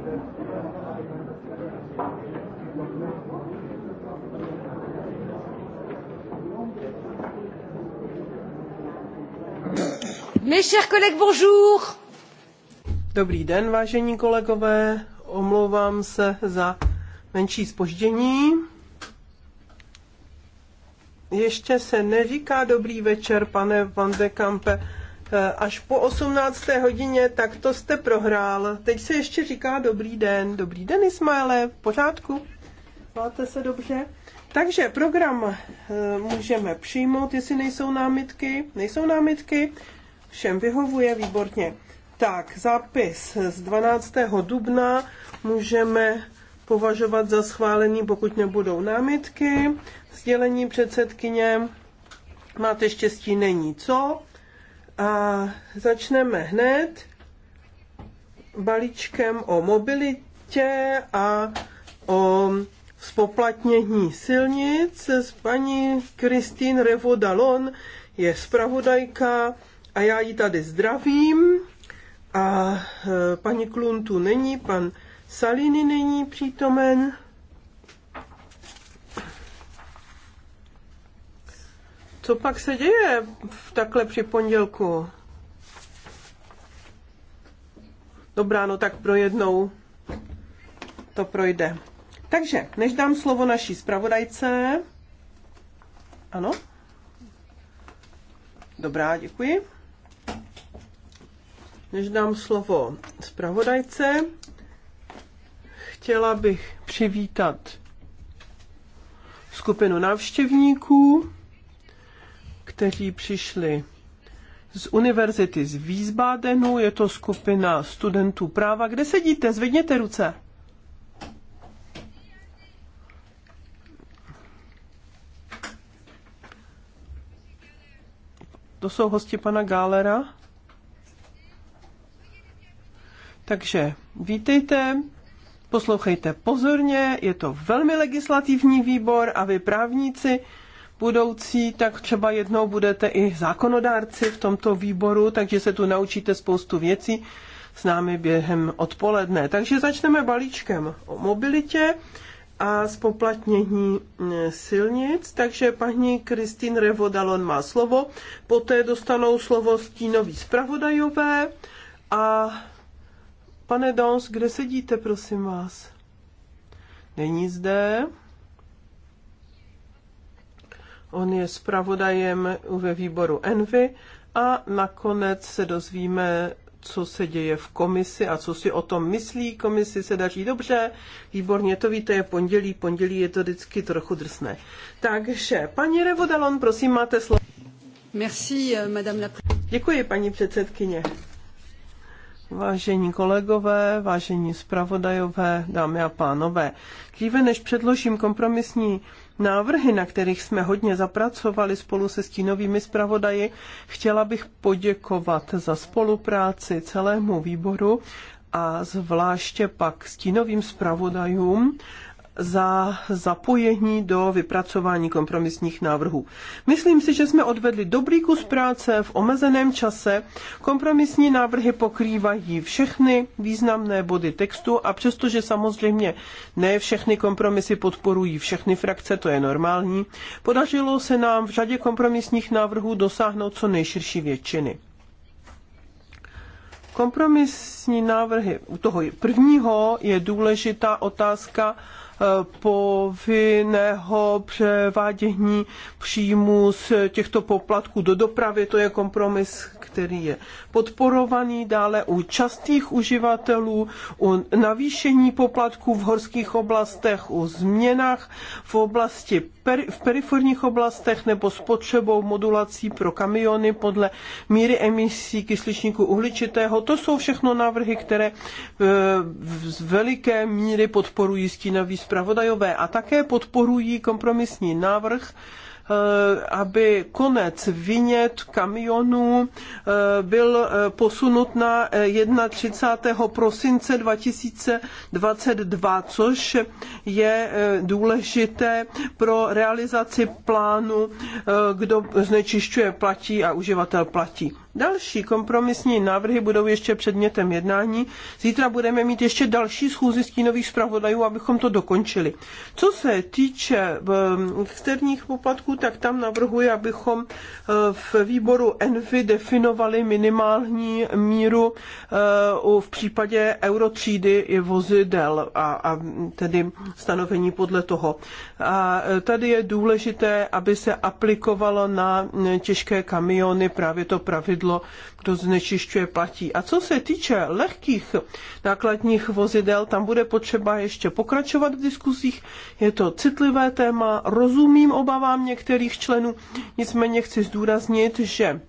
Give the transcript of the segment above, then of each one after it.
Mes chers collègues, bonjour. Dobrý den, vážení kolegové. Omlouvám se za menší spoždění. Ještě se neříká dobrý večer, pane Van de Kampe Eh, až po 18. hodině, tak to jste prohrál. Teď se ještě říká dobrý den. Dobrý den, Ismaele, v pořádku? Máte se dobře? Takže program eh, můžeme přijmout, jestli nejsou námitky. Nejsou námitky, všem vyhovuje, výborně. Tak, zápis z 12. dubna můžeme považovat za schválený, pokud nebudou námitky. Sdělení předsedkyně máte štěstí, není co a začneme hned balíčkem o mobilitě a o spoplatnění silnic s paní Christine Revodalon je zpravodajka a já ji tady zdravím a e, paní Kluntu není, pan Salini není přítomen. co pak se děje v takhle při pondělku? Dobrá, no tak pro jednou to projde. Takže, než dám slovo naší zpravodajce. Ano? Dobrá, děkuji. Než dám slovo zpravodajce, chtěla bych přivítat skupinu návštěvníků kteří přišli z univerzity z Wiesbadenu, je to skupina studentů práva. Kde sedíte? Zvedněte ruce. To jsou hosti pana Gálera. Takže vítejte, poslouchejte pozorně, je to velmi legislativní výbor a vy právníci budoucí, tak třeba jednou budete i zákonodárci v tomto výboru, takže se tu naučíte spoustu věcí s námi během odpoledne. Takže začneme balíčkem o mobilitě a spoplatnění mm, silnic, takže paní Kristin Revodalon má slovo, poté dostanou slovo stínoví zpravodajové a pane Dons, kde sedíte, prosím vás? Není zde. On je zpravodajem ve výboru Envy a nakonec se dozvíme, co se děje v komisi a co si o tom myslí. Komisi se daří dobře, výborně to víte, je pondělí, pondělí je to vždycky trochu drsné. Takže, paní Revodalon, prosím, máte slovo. Merci, euh, madame la... Děkuji, paní předsedkyně. Vážení kolegové, vážení zpravodajové, dámy a pánové, dříve než předložím kompromisní návrhy, na kterých jsme hodně zapracovali spolu se stínovými zpravodaji. Chtěla bych poděkovat za spolupráci celému výboru a zvláště pak stínovým zpravodajům za zapojení do vypracování kompromisních návrhů. Myslím si, že jsme odvedli dobrý kus práce v omezeném čase. Kompromisní návrhy pokrývají všechny významné body textu a přestože samozřejmě ne všechny kompromisy podporují všechny frakce, to je normální, podařilo se nám v řadě kompromisních návrhů dosáhnout co nejširší většiny kompromisní návrhy. U toho prvního je důležitá otázka povinného převádění příjmů z těchto poplatků do dopravy. To je kompromis, který je podporovaný dále u častých uživatelů, u navýšení poplatků v horských oblastech, u změnách v oblasti v periferních oblastech nebo s potřebou modulací pro kamiony podle míry emisí kysličníku uhličitého. To jsou všechno návrhy, které eh, z veliké míry podporují stínaví zpravodajové a také podporují kompromisní návrh, eh, aby konec vinět kamionů eh, byl eh, posunut na 31. prosince 2022, což je důležité pro realizaci plánu, kdo znečišťuje platí a uživatel platí. Další kompromisní návrhy budou ještě předmětem jednání. Zítra budeme mít ještě další schůzi stínových zpravodajů, abychom to dokončili. Co se týče um, externích poplatků, tak tam navrhuji, abychom uh, v výboru ENVY definovali minimální míru uh, v případě eurotřídy i vozidel a, a tedy stanovení podle toho. A eh, tady je důležité, aby se aplikovalo na mm, těžké kamiony právě to pravidlo vozidlo, kdo znečišťuje, platí. A co se týče lehkých nákladních vozidel, tam bude potřeba ještě pokračovat v diskuzích. Je to citlivé téma, rozumím obavám některých členů, nicméně chci zdůraznit, že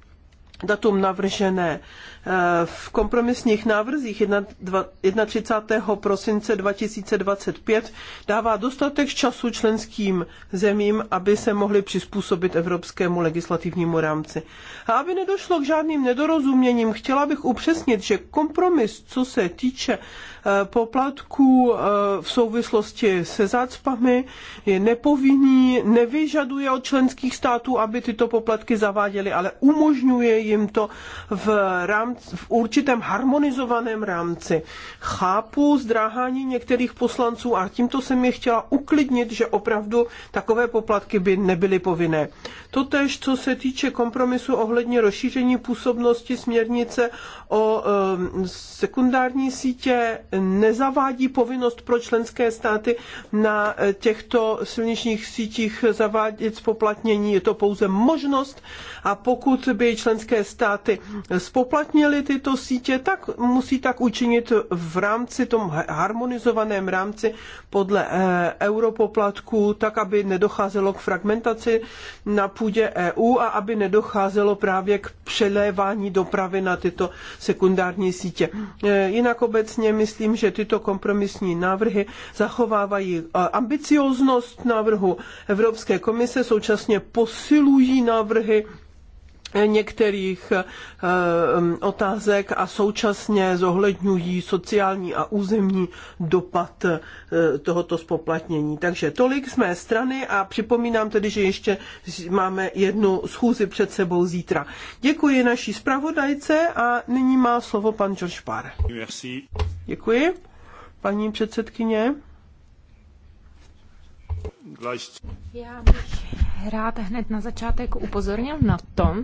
datum navržené Eh, v kompromisních návrzích 31. prosince 2025 dává dostatek času členským zemím, aby se mohli přizpůsobit evropskému legislativnímu rámci. A aby nedošlo k žádným nedorozuměním, chtěla bych upřesnit, že kompromis, co se týče eh, poplatků eh, v souvislosti se zácpami, je nepovinný, nevyžaduje od členských států, aby tyto poplatky zaváděly, ale umožňuje jim to v rámci rámci, v určitém harmonizovaném rámci. Chápu zdráhání některých poslanců a tímto jsem je chtěla uklidnit, že opravdu takové poplatky by nebyly povinné. Totež, co se týče kompromisu ohledně rozšíření působnosti směrnice o e, sekundární sítě, nezavádí povinnost pro členské státy na eh, těchto silničních sítích zavádět spoplatnění. Je to pouze možnost, a pokud by členské státy spoplatnily tyto sítě, tak musí tak učinit v rámci tom harmonizovaném rámci podle eh, europoplatků, tak aby nedocházelo k fragmentaci na půdě EU a aby nedocházelo právě k přelévání dopravy na tyto sekundární sítě. Eh, jinak obecně myslím, že tyto kompromisní návrhy zachovávají eh, ambicioznost návrhu Evropské komise, současně posilují návrhy některých eh, otázek a současně zohledňují sociální a územní dopad eh, tohoto spoplatnění. Takže tolik z mé strany a připomínám tedy, že ještě máme jednu schůzi před sebou zítra. Děkuji naší zpravodajce a nyní má slovo pan George Parr. Merci. Děkuji. Paní předsedkyně. Já bych rád hned na začátek upozornil na to,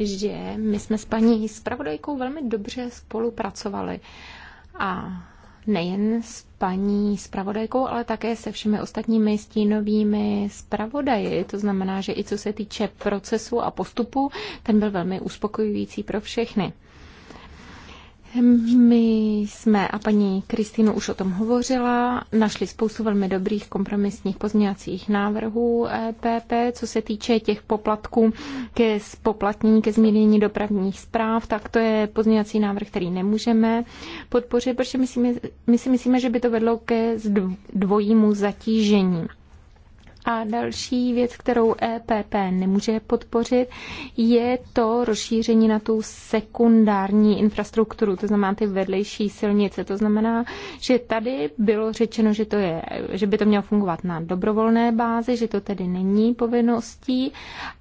že my jsme s paní zpravodajkou velmi dobře spolupracovali. A nejen s paní zpravodajkou, ale také se všemi ostatními stínovými zpravodaji. To znamená, že i co se týče procesu a postupu, ten byl velmi uspokojující pro všechny. My jsme, a paní Kristýnu už o tom hovořila, našli spoustu velmi dobrých kompromisních pozměňovacích návrhů PP, eh, co se týče těch poplatků ke spoplatnění, ke změnění dopravních zpráv, tak to je pozměňovací návrh, který nemůžeme podpořit, protože myslíme, my si myslíme, že by to vedlo ke dvojímu zatížení. A další věc, kterou EPP nemůže podpořit, je to rozšíření na tu sekundární infrastrukturu, to znamená ty vedlejší silnice. To znamená, že tady bylo řečeno, že, to je, že by to mělo fungovat na dobrovolné bázi, že to tedy není povinností.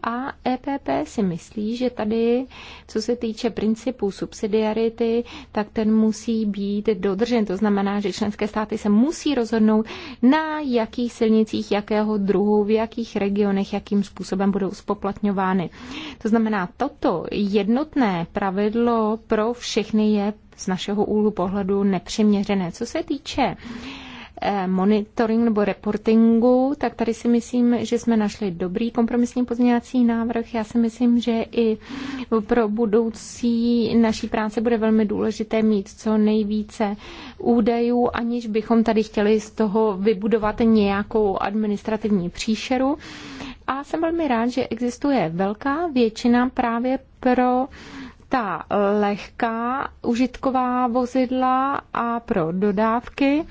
A EPP si myslí, že tady, co se týče principů subsidiarity, tak ten musí být dodržen. To znamená, že členské státy se musí rozhodnout, na jakých silnicích jakého druhu druhů, v jakých regionech, jakým způsobem budou spoplatňovány. To znamená, toto jednotné pravidlo pro všechny je z našeho úhlu pohledu nepřiměřené. Co se týče uh, Eh, monitoringu nebo reportingu, tak tady si myslím, že jsme našli dobrý kompromisní pozměňovací návrh. Já si myslím, že i pro budoucí naší práce bude velmi důležité mít co nejvíce údajů, aniž bychom tady chtěli z toho vybudovat nějakou administrativní příšeru. A jsem velmi rád, že existuje velká většina právě pro ta lehká užitková vozidla a pro dodávky.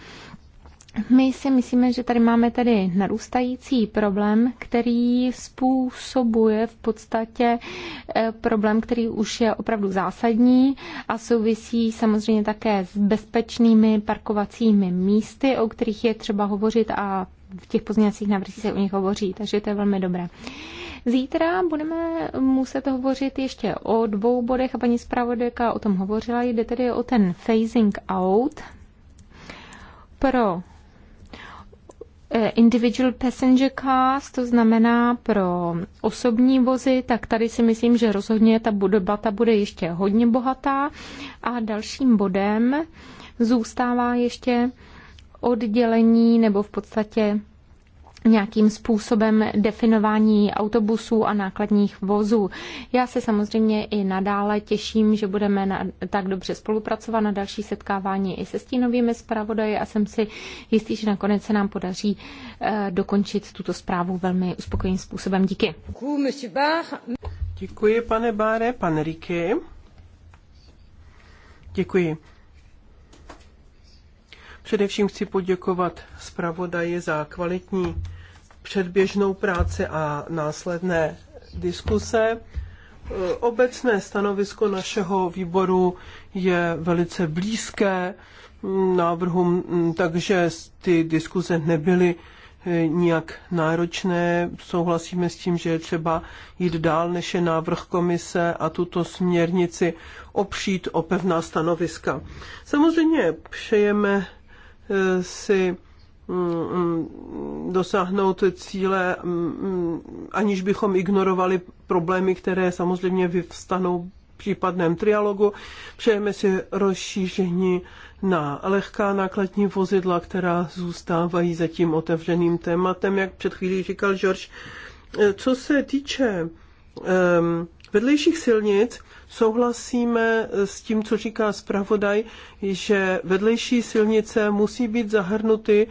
My si myslíme, že tady máme tady narůstající problém, který způsobuje v podstatě eh, problém, který už je opravdu zásadní a souvisí samozřejmě také s bezpečnými parkovacími místy, o kterých je třeba hovořit a v těch pozměňovacích návrzích se o nich hovoří, takže to je velmi dobré. Zítra budeme muset hovořit ještě o dvou bodech a paní zpravodajka o tom hovořila. Jde tedy o ten phasing out pro Eh, individual passenger cars, to znamená pro osobní vozy, tak tady si myslím, že rozhodně ta debata bude ještě hodně bohatá. A dalším bodem zůstává ještě oddělení nebo v podstatě nějakým způsobem definování autobusů a nákladních vozů. Já se samozřejmě i nadále těším, že budeme na, tak dobře spolupracovat na další setkávání i se stínovými zpravodaji a jsem si jistý, že nakonec se nám podaří e, dokončit tuto zprávu velmi uspokojivým způsobem. Díky. Děkuji, pane Báre, pan Riky. Děkuji. Především chci poděkovat zpravodaji za kvalitní předběžnou práci a následné diskuse. Obecné stanovisko našeho výboru je velice blízké návrhům, takže ty diskuze nebyly eh, nijak náročné. Souhlasíme s tím, že je třeba jít dál, než je návrh komise a tuto směrnici opřít o pevná stanoviska. Samozřejmě přejeme eh, si Mm, dosáhnout cíle, mm, aniž bychom ignorovali problémy, které samozřejmě vyvstanou v případném trialogu. Přejeme si rozšíření na lehká nákladní vozidla, která zůstávají zatím otevřeným tématem, jak před chvílí říkal George. Eh, co se týče um, vedlejších silnic, souhlasíme s tím, co říká zpravodaj, že vedlejší silnice musí být zahrnuty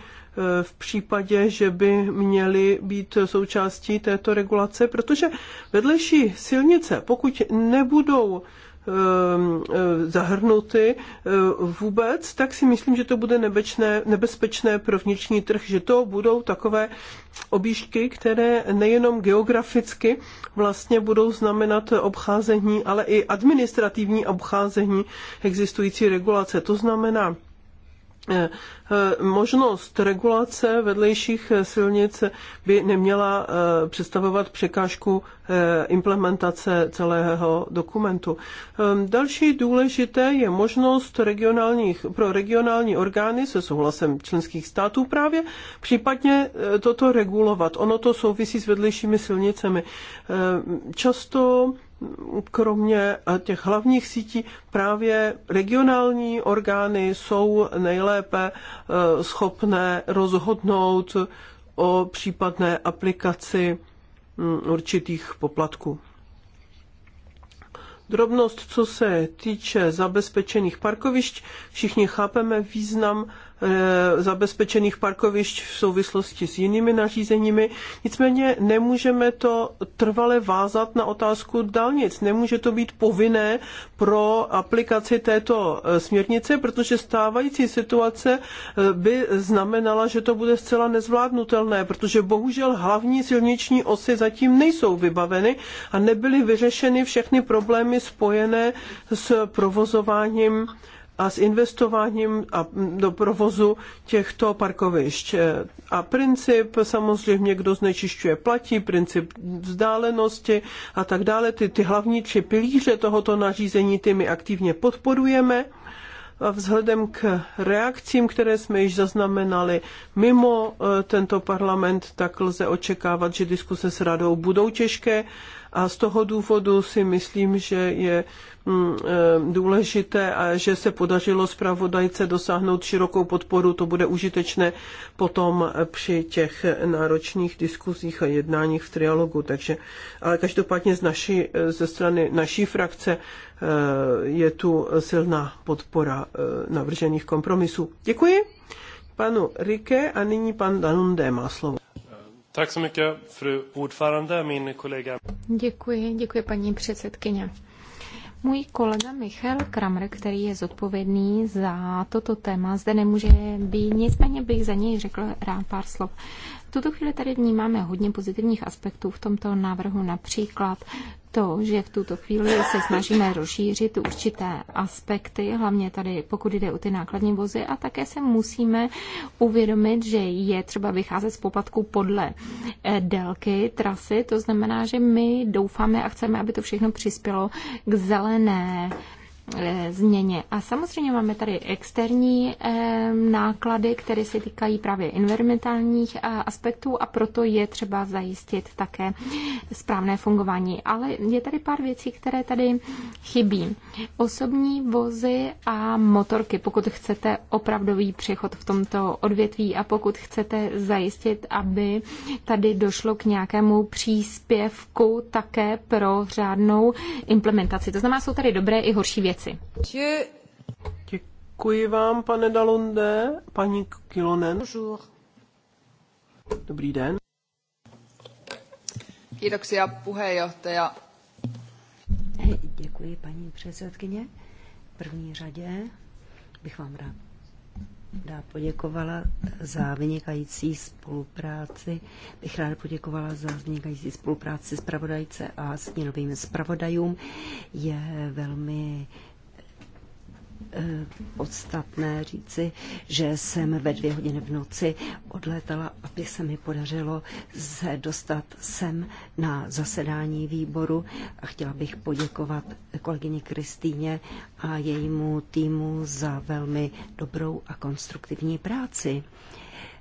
v případě, že by měly být součástí této regulace, protože vedlejší silnice, pokud nebudou ehm, e, zahrnuty e, vůbec, tak si myslím, že to bude nebečné, nebezpečné pro vnitřní trh, že to budou takové objížďky, které nejenom geograficky vlastně budou znamenat obcházení, ale i administrativní obcházení existující regulace. To znamená, Eh, eh, možnost regulace vedlejších eh, silnic by neměla představovat překážku implementace celého dokumentu. Ehm, další důležité je možnost regionálních, pro regionální orgány se souhlasem členských států právě případně toto regulovat. Ono to souvisí s vedlejšími silnicemi. Ehm, často kromě eh, těch hlavních sítí právě regionální orgány jsou nejlépe eh, schopné rozhodnout o případné aplikaci mm, určitých poplatků. Drobnost, co se týče zabezpečených parkovišť, všichni chápeme význam Eh, zabezpečených parkovišť v souvislosti s jinými nařízeními. Nicméně nemůžeme to trvale vázat na otázku dálnic. Nemůže to být povinné pro aplikaci této eh, směrnice, protože stávající situace eh, by znamenala, že to bude zcela nezvládnutelné, protože bohužel hlavní silniční osy zatím nejsou vybaveny a nebyly vyřešeny všechny problémy spojené s provozováním a s investováním a do provozu těchto parkovišť. A princip samozřejmě, kdo znečišťuje, platí, princip vzdálenosti a tak dále. Ty, ty hlavní tři pilíře tohoto nařízení ty my aktivně podporujeme. A vzhledem k reakcím, které jsme již zaznamenali mimo eh, tento parlament, tak lze očekávat, že diskuse s radou budou těžké a z toho důvodu si myslím, že je mm, eh, důležité a že se podařilo zpravodajce dosáhnout širokou podporu, to bude užitečné potom při těch náročných diskuzích a jednáních v trialogu. Takže, ale každopádně z naší, eh, ze strany naší frakce eh, je tu silná podpora navržených kompromisů. Děkuji panu Rike a nyní pan Danunde má slovo. Tak så mycket, fru ordförande, min kollega. Děkuji, děkuji paní předsedkyně. Můj kolega Michal Kramer, který je zodpovědný za toto téma, zde nemůže být, nicméně bych za něj řekl rád pár slov tuto chvíli tady vnímáme hodně pozitivních aspektů v tomto návrhu, například to, že v tuto chvíli se snažíme rozšířit určité aspekty, hlavně tady pokud jde o ty nákladní vozy a také se musíme uvědomit, že je třeba vycházet z poplatku podle eh, délky trasy, to znamená, že my doufáme a chceme, aby to všechno přispělo k zelené Eh, změně. A samozřejmě máme tady externí eh, náklady, které se týkají právě environmentálních eh, aspektů a proto je třeba zajistit také správné fungování. Ale je tady pár věcí, které tady chybí. Osobní vozy a motorky, pokud chcete opravdový přechod v tomto odvětví a pokud chcete zajistit, aby tady došlo k nějakému příspěvku také pro řádnou implementaci. To znamená, jsou tady dobré i horší věci věci. Děkuji vám, pane Dalunde. Paní Kilonen. Bonjour. Dobrý den. Kiitoksia puheenjohtaja. Děkuji, paní předsedkyně. V první řadě bych vám rád ráda poděkovala za vynikající spolupráci. Bych ráda poděkovala za vynikající spolupráci s pravodajce a s novým zpravodajům. Je velmi Eh, podstatné říci, že jsem ve dvě hodiny v noci odletala, aby se mi podařilo se dostat sem na zasedání výboru a chtěla bych poděkovat kolegyni Kristýně a jejímu týmu za velmi dobrou a konstruktivní práci.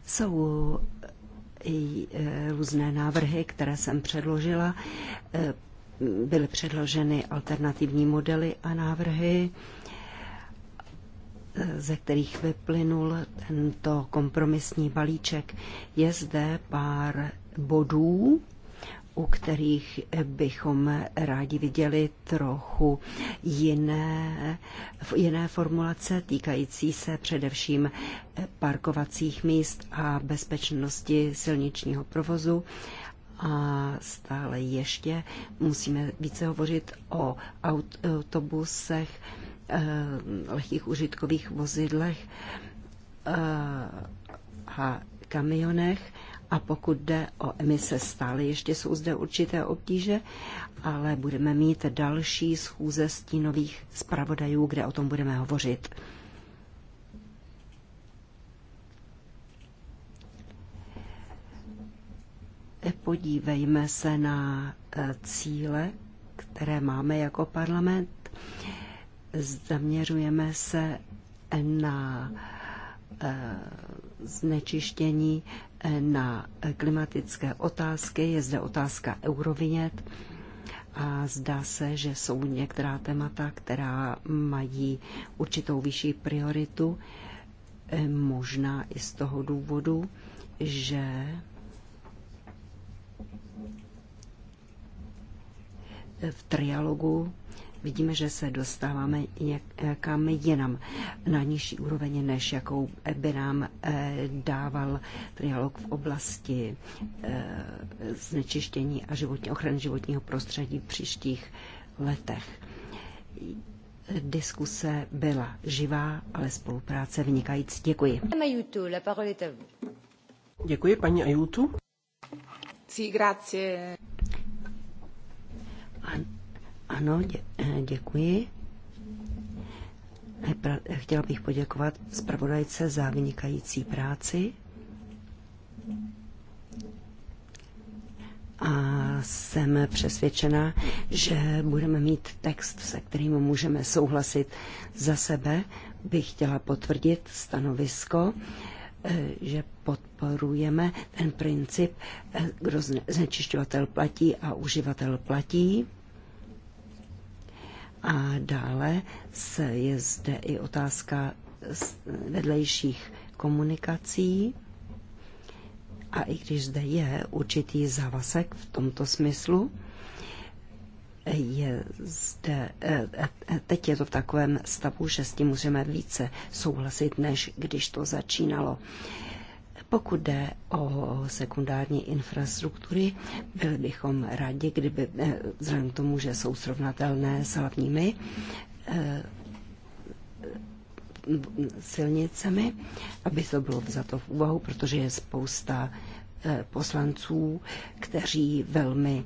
Jsou i eh, různé návrhy, které jsem předložila. Eh, byly předloženy alternativní modely a návrhy ze kterých vyplynul tento kompromisní balíček. Je zde pár bodů, u kterých bychom rádi viděli trochu jiné, jiné formulace týkající se především parkovacích míst a bezpečnosti silničního provozu. A stále ještě musíme více hovořit o autobusech, Eh, lehkých užitkových vozidlech eh, a kamionech. A pokud jde o emise stále, ještě jsou zde určité obtíže, ale budeme mít další schůze stínových zpravodajů, kde o tom budeme hovořit. Podívejme se na eh, cíle, které máme jako parlament zaměřujeme se na eh, znečištění, eh, na klimatické otázky. Je zde otázka eurovinět a zdá se, že jsou některá témata, která mají určitou vyšší prioritu, eh, možná i z toho důvodu, že v trialogu vidíme, že se dostáváme někam eh, jinam na nižší úroveň, než jakou by nám eh, dával trialog v oblasti eh, znečištění a životní, ochrany životního prostředí v příštích letech. Diskuse byla živá, ale spolupráce vynikající. Děkuji. Děkuji, paní Ajutu. Sí, grazie. Ano, dě, eh, děkuji. Chtěla bych poděkovat zpravodajce za vynikající práci. A jsem přesvědčena, že budeme mít text, se kterým můžeme souhlasit. Za sebe bych chtěla potvrdit stanovisko, eh, že podporujeme ten princip, eh, kdo znečišťovatel platí a uživatel platí. A dále se je zde i otázka vedlejších komunikací. A i když zde je určitý závazek v tomto smyslu, je zde, eh, eh, teď je to v takovém stavu, že s tím můžeme více souhlasit, než když to začínalo. Pokud jde o sekundární infrastruktury, byli bychom rádi, kdyby, eh, vzhledem k tomu, že jsou srovnatelné s hlavními eh, silnicemi, aby to bylo vzato v úvahu, protože je spousta eh, poslanců, kteří velmi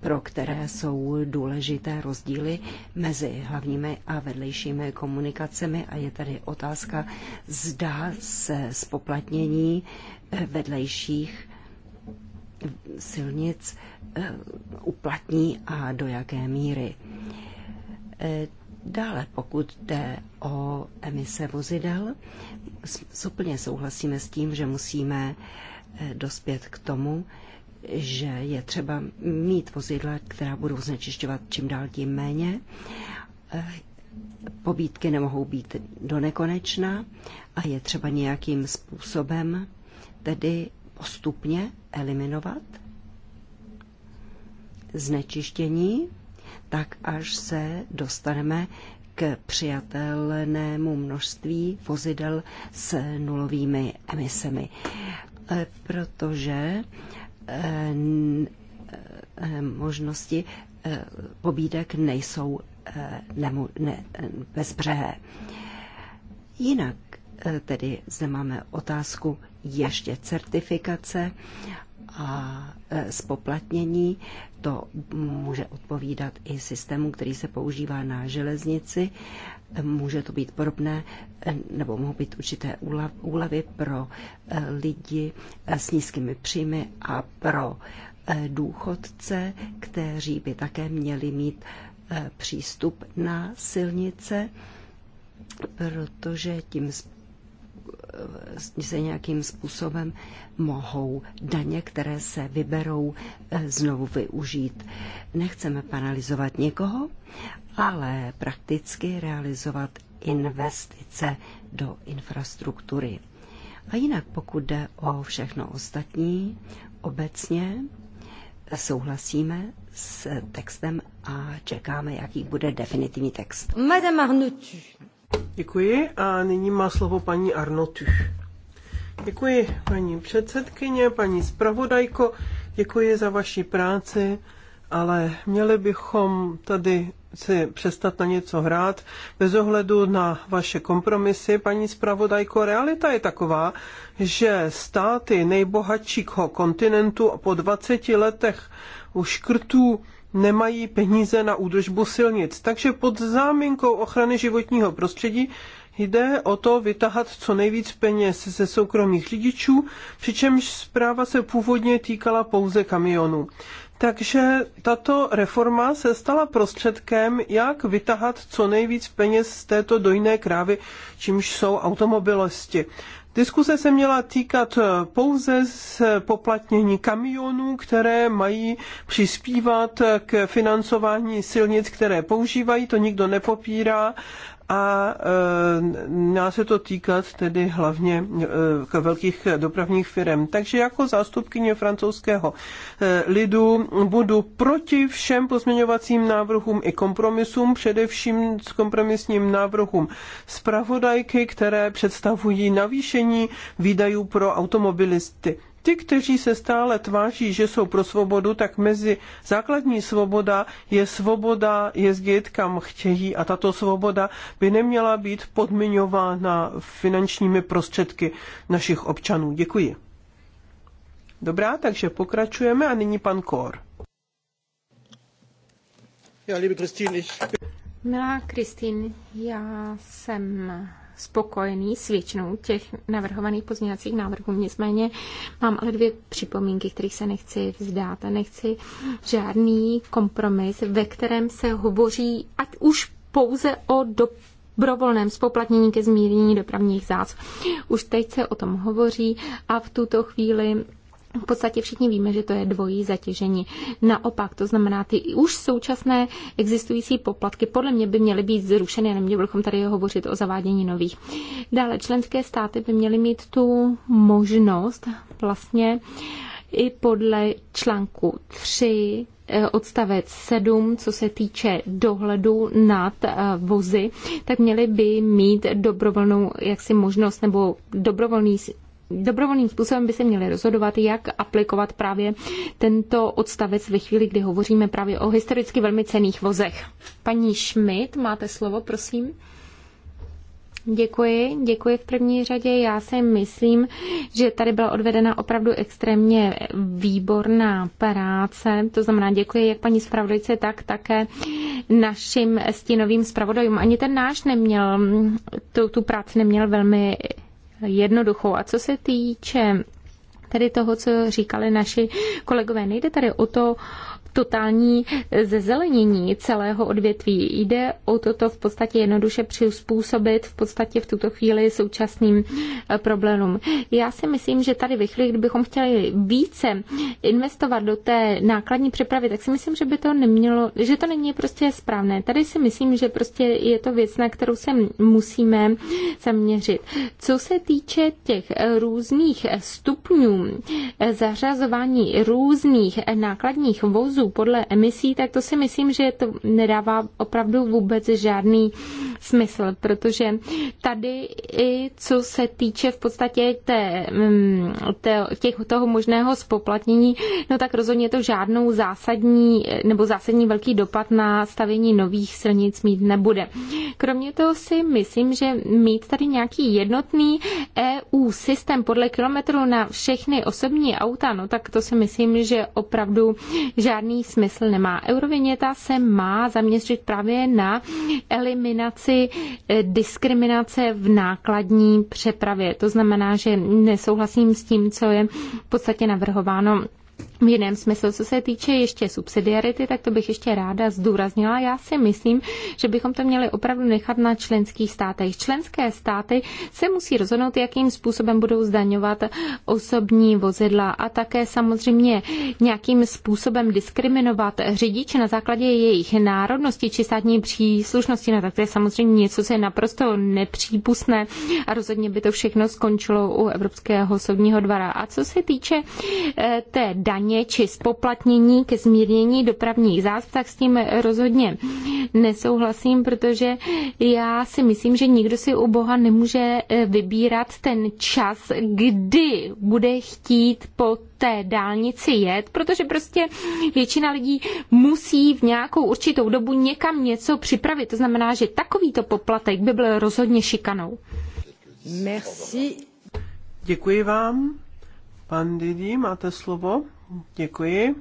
pro které jsou důležité rozdíly mezi hlavními a vedlejšími komunikacemi a je tady otázka, zda se spoplatnění eh, vedlejších eh, silnic eh, uplatní a do jaké míry. Dále, pokud jde o emise vozidel, úplně souhlasíme s tím, že musíme dospět k tomu, že je třeba mít vozidla, která budou znečišťovat čím dál tím méně. Eh, pobídky nemohou být do nekonečna a je třeba nějakým způsobem tedy postupně eliminovat znečištění, tak až se dostaneme k přijatelnému množství vozidel s nulovými emisemi. Eh, protože Eh, eh, možnosti eh, pobídek nejsou nemu, ne, bezbřehé. Jinak tedy zde máme otázku ještě certifikace a spoplatnění. To může odpovídat i systému, který se používá na železnici Může to být podobné, eh, nebo mohou být určité úlavy pro eh, lidi eh, s nízkými příjmy a pro důchodce, kteří by také měli mít přístup na silnice, protože tím způsobem se nějakým způsobem mohou daně, které se vyberou, eh, znovu využít. Nechceme paralizovat někoho, ale prakticky realizovat investice do infrastruktury. A jinak, pokud jde o všechno ostatní, obecně souhlasíme s textem a čekáme, jaký bude definitivní text. Madame Arnoutu. Děkuji a nyní má slovo paní Arnotu. Děkuji paní předsedkyně, paní zpravodajko, děkuji za vaši práci, ale měli bychom tady si přestat na něco hrát. Bez ohledu na vaše kompromisy, paní zpravodajko, realita je taková, že státy nejbohatšího kontinentu po 20 letech uškrtů nemají peníze na údržbu silnic. Takže pod záminkou ochrany životního prostředí jde o to vytahat co nejvíc peněz ze soukromých řidičů, přičemž zpráva se původně týkala pouze kamionů. Takže tato reforma se stala prostředkem, jak vytahat co nejvíc peněz z této dojné krávy, čímž jsou automobilosti. Diskuse se měla týkat pouze z poplatnění kamionů, které mají přispívat k financování silnic, které používají, to nikdo nepopírá, a e, měla se to týkat tedy hlavně e, k velkých dopravních firm. Takže jako zástupkyně francouzského e, lidu budu proti všem pozměňovacím návrhům i kompromisům, především s kompromisním návrhům zpravodajky, které představují navýšení výdajů pro automobilisty. Ty, kteří se stále tváří, že jsou pro svobodu, tak mezi základní svoboda je svoboda jezdit kam chtějí a tato svoboda by neměla být podmiňována finančními prostředky našich občanů. Děkuji. Dobrá, takže pokračujeme a nyní pan Kor. Milá Kristýn, já jsem spokojený s většinou těch navrhovaných pozměňovacích návrhů. Nicméně mám ale dvě připomínky, kterých se nechci vzdát a nechci žádný kompromis, ve kterém se hovoří ať už pouze o dobrovolném spoplatnění ke zmírnění dopravních zác. Už teď se o tom hovoří a v tuto chvíli v podstatě všichni víme, že to je dvojí zatěžení. Naopak, to znamená, ty už současné existující poplatky podle mě by měly být zrušeny a neměli bychom tady hovořit o zavádění nových. Dále, členské státy by měly mít tu možnost vlastně i podle článku 3 eh, odstavec 7, co se týče dohledu nad eh, vozy, tak měli by mít dobrovolnou jaksi možnost nebo dobrovolný dobrovolným způsobem by se měli rozhodovat, jak aplikovat právě tento odstavec ve chvíli, kdy hovoříme právě o historicky velmi cených vozech. Paní Schmidt, máte slovo, prosím. Děkuji, děkuji v první řadě. Já si myslím, že tady byla odvedena opravdu extrémně výborná práce. To znamená, děkuji jak paní zpravodajce, tak také našim stínovým zpravodajům. Ani ten náš neměl, tu, tu práci neměl velmi jednoduchou. A co se týče tedy toho, co říkali naši kolegové, nejde tady o to totální zezelenění celého odvětví. Jde o toto v podstatě jednoduše přizpůsobit v podstatě v tuto chvíli současným eh, problémům. Já si myslím, že tady ve chvíli, kdybychom chtěli více investovat do té nákladní přepravy, tak si myslím, že by to nemělo, že to není prostě správné. Tady si myslím, že prostě je to věc, na kterou se musíme zaměřit. Co se týče těch eh, různých stupňů eh, zařazování různých nákladních vozů, vozů podle emisí, tak to si myslím, že to nedává opravdu vůbec žádný smysl, protože tady i co se týče v podstatě té, mm, té, těch, toho možného spoplatnění, no tak rozhodně to žádnou zásadní nebo zásadní velký dopad na stavění nových silnic mít nebude. Kromě toho si myslím, že mít tady nějaký jednotný EU systém podle kilometru na všechny osobní auta, no tak to si myslím, že opravdu žádný žádný smysl nemá. Euroviněta se má zaměřit právě na eliminaci eh, diskriminace v nákladní přepravě. To znamená, že nesouhlasím s tím, co je v podstatě navrhováno v jiném smyslu. Co se týče ještě subsidiarity, tak to bych ještě ráda zdůraznila. Já si myslím, že bychom to měli opravdu nechat na členských státech. Členské státy se musí rozhodnout, jakým způsobem budou zdaňovat osobní vozidla a také samozřejmě nějakým způsobem diskriminovat řidiče na základě jejich národnosti či státní příslušnosti. No, tak to je samozřejmě něco, co je naprosto nepřípustné a rozhodně by to všechno skončilo u Evropského soudního dvora. A co se týče eh, té daně, daně či spoplatnění ke zmírnění dopravních zásp, tak s tím rozhodně nesouhlasím, protože já si myslím, že nikdo si u Boha nemůže eh, vybírat ten čas, kdy bude chtít po té dálnici jet, protože prostě většina lidí musí v nějakou určitou dobu někam něco připravit. To znamená, že takovýto poplatek by byl rozhodně šikanou. Merci. Děkuji vám. Pan Didi, máte slovo. Děkuji.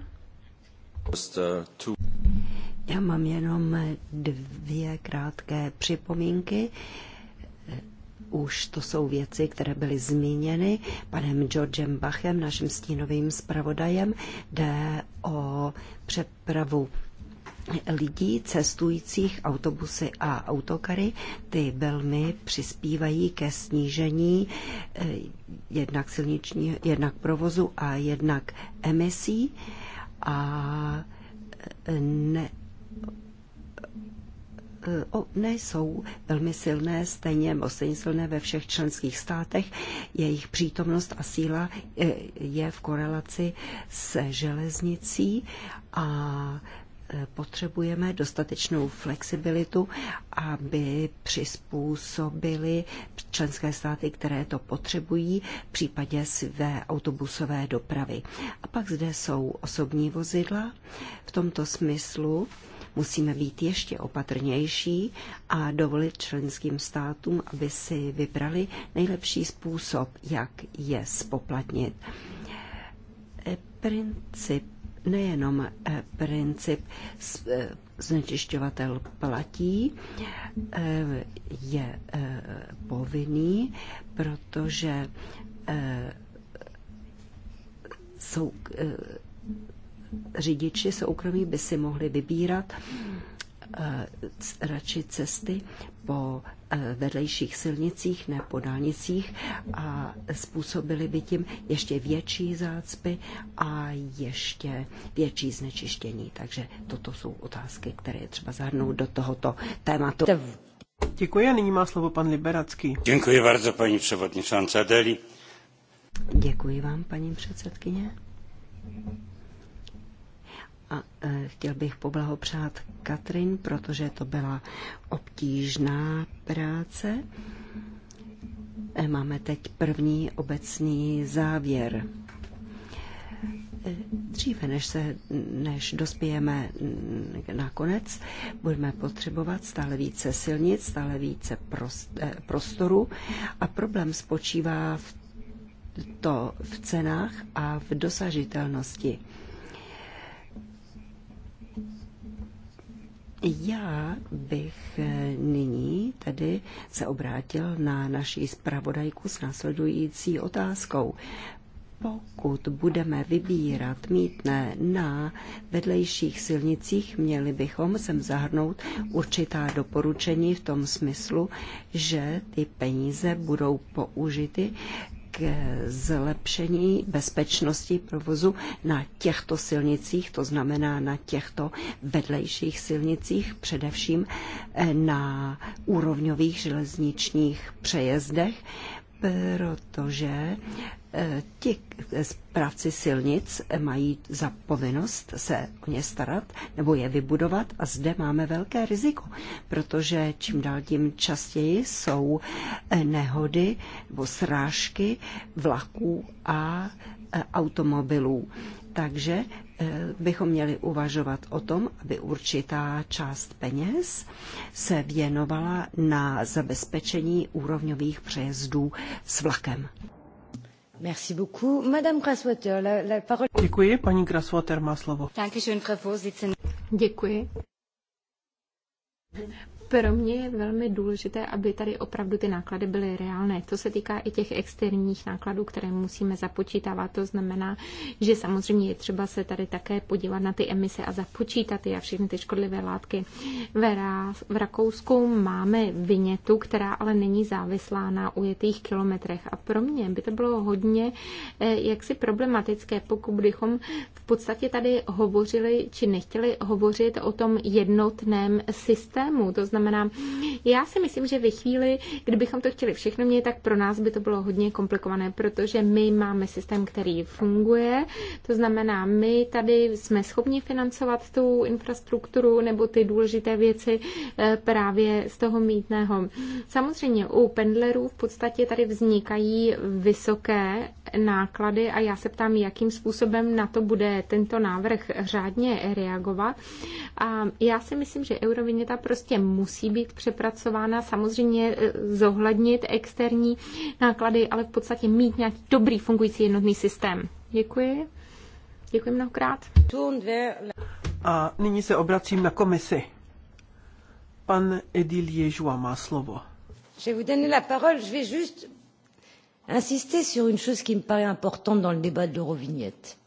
Já mám jenom dvě krátké připomínky. Už to jsou věci, které byly zmíněny panem Georgem Bachem, naším stínovým zpravodajem. Jde o přepravu lidí cestujících autobusy a autokary, ty velmi přispívají ke snížení eh, jednak silniční, jednak provozu a jednak emisí a eh, ne, eh, o, nejsou velmi silné, stejně, stejně silné ve všech členských státech. Jejich přítomnost a síla je v korelaci s železnicí a Eh, potřebujeme dostatečnou flexibilitu, aby přizpůsobili členské státy, které to potřebují, v případě své autobusové dopravy. A pak zde jsou osobní vozidla. V tomto smyslu musíme být ještě opatrnější a dovolit členským státům, aby si vybrali nejlepší způsob, jak je spoplatnit. Eh, princip nejenom eh, princip eh, znečišťovatel platí, eh, je povinný, protože jsou, řidiči soukromí by si mohli vybírat radši cesty, po eh, vedlejších silnicích, ne po dálnicích a způsobili by tím ještě větší zácpy a ještě větší znečištění. Takže toto jsou otázky, které je třeba zahrnout do tohoto tématu. Děkuji a nyní má slovo pan Liberacký. Děkuji bardzo, paní předsedkyně Deli. Děkuji vám, paní předsedkyně. A e, chtěl bych poblahopřát Katrin, protože to byla obtížná práce. E, máme teď první obecný závěr. E, dříve, než, se, než dospějeme na konec, budeme potřebovat stále více silnic, stále více prostoru a problém spočívá v to v cenách a v dosažitelnosti. Já bych eh, nyní tedy se obrátil na naší zpravodajku s následující otázkou. Pokud budeme vybírat mítné na vedlejších silnicích, měli bychom sem zahrnout určitá doporučení v tom smyslu, že ty peníze budou použity k zlepšení bezpečnosti provozu na těchto silnicích, to znamená na těchto vedlejších silnicích, především na úrovňových železničních přejezdech protože eh, ti eh, správci silnic eh, mají za povinnost se o ně starat nebo je vybudovat a zde máme velké riziko, protože čím dál tím častěji jsou nehody nebo srážky vlaků a automobilů. Takže bychom měli uvažovat o tom, aby určitá část peněz se věnovala na zabezpečení úrovňových přejezdů s vlakem. Merci beaucoup. Madame la, la parole... Děkuji, paní Grasswater má slovo. Děkuji pro mě je velmi důležité, aby tady opravdu ty náklady byly reálné. To se týká i těch externích nákladů, které musíme započítávat. To znamená, že samozřejmě je třeba se tady také podívat na ty emise a započítat je a všechny ty škodlivé látky. V Rakousku máme vinětu, která ale není závislá na ujetých kilometrech. A pro mě by to bylo hodně eh, jaksi problematické, pokud bychom v podstatě tady hovořili či nechtěli hovořit o tom jednotném systému. To znamená, znamená, já si myslím, že ve chvíli, kdybychom to chtěli všechno mít, tak pro nás by to bylo hodně komplikované, protože my máme systém, který funguje, to znamená, my tady jsme schopni financovat tu infrastrukturu nebo ty důležité věci eh, právě z toho mítného. Samozřejmě u pendlerů v podstatě tady vznikají vysoké náklady a já se ptám, jakým způsobem na to bude tento návrh řádně reagovat. A já si myslím, že eurovinita prostě musí musí být přepracována, samozřejmě eh, zohlednit externí náklady, ale v podstatě mít nějaký dobrý fungující jednotný systém. Děkuji. Děkuji mnohokrát. A nyní se obracím na komisi. Pan Edil Ježua má slovo. Je vous donner la parole, je vais juste insister sur une chose qui me paraît importante dans le débat de l'Eurovignette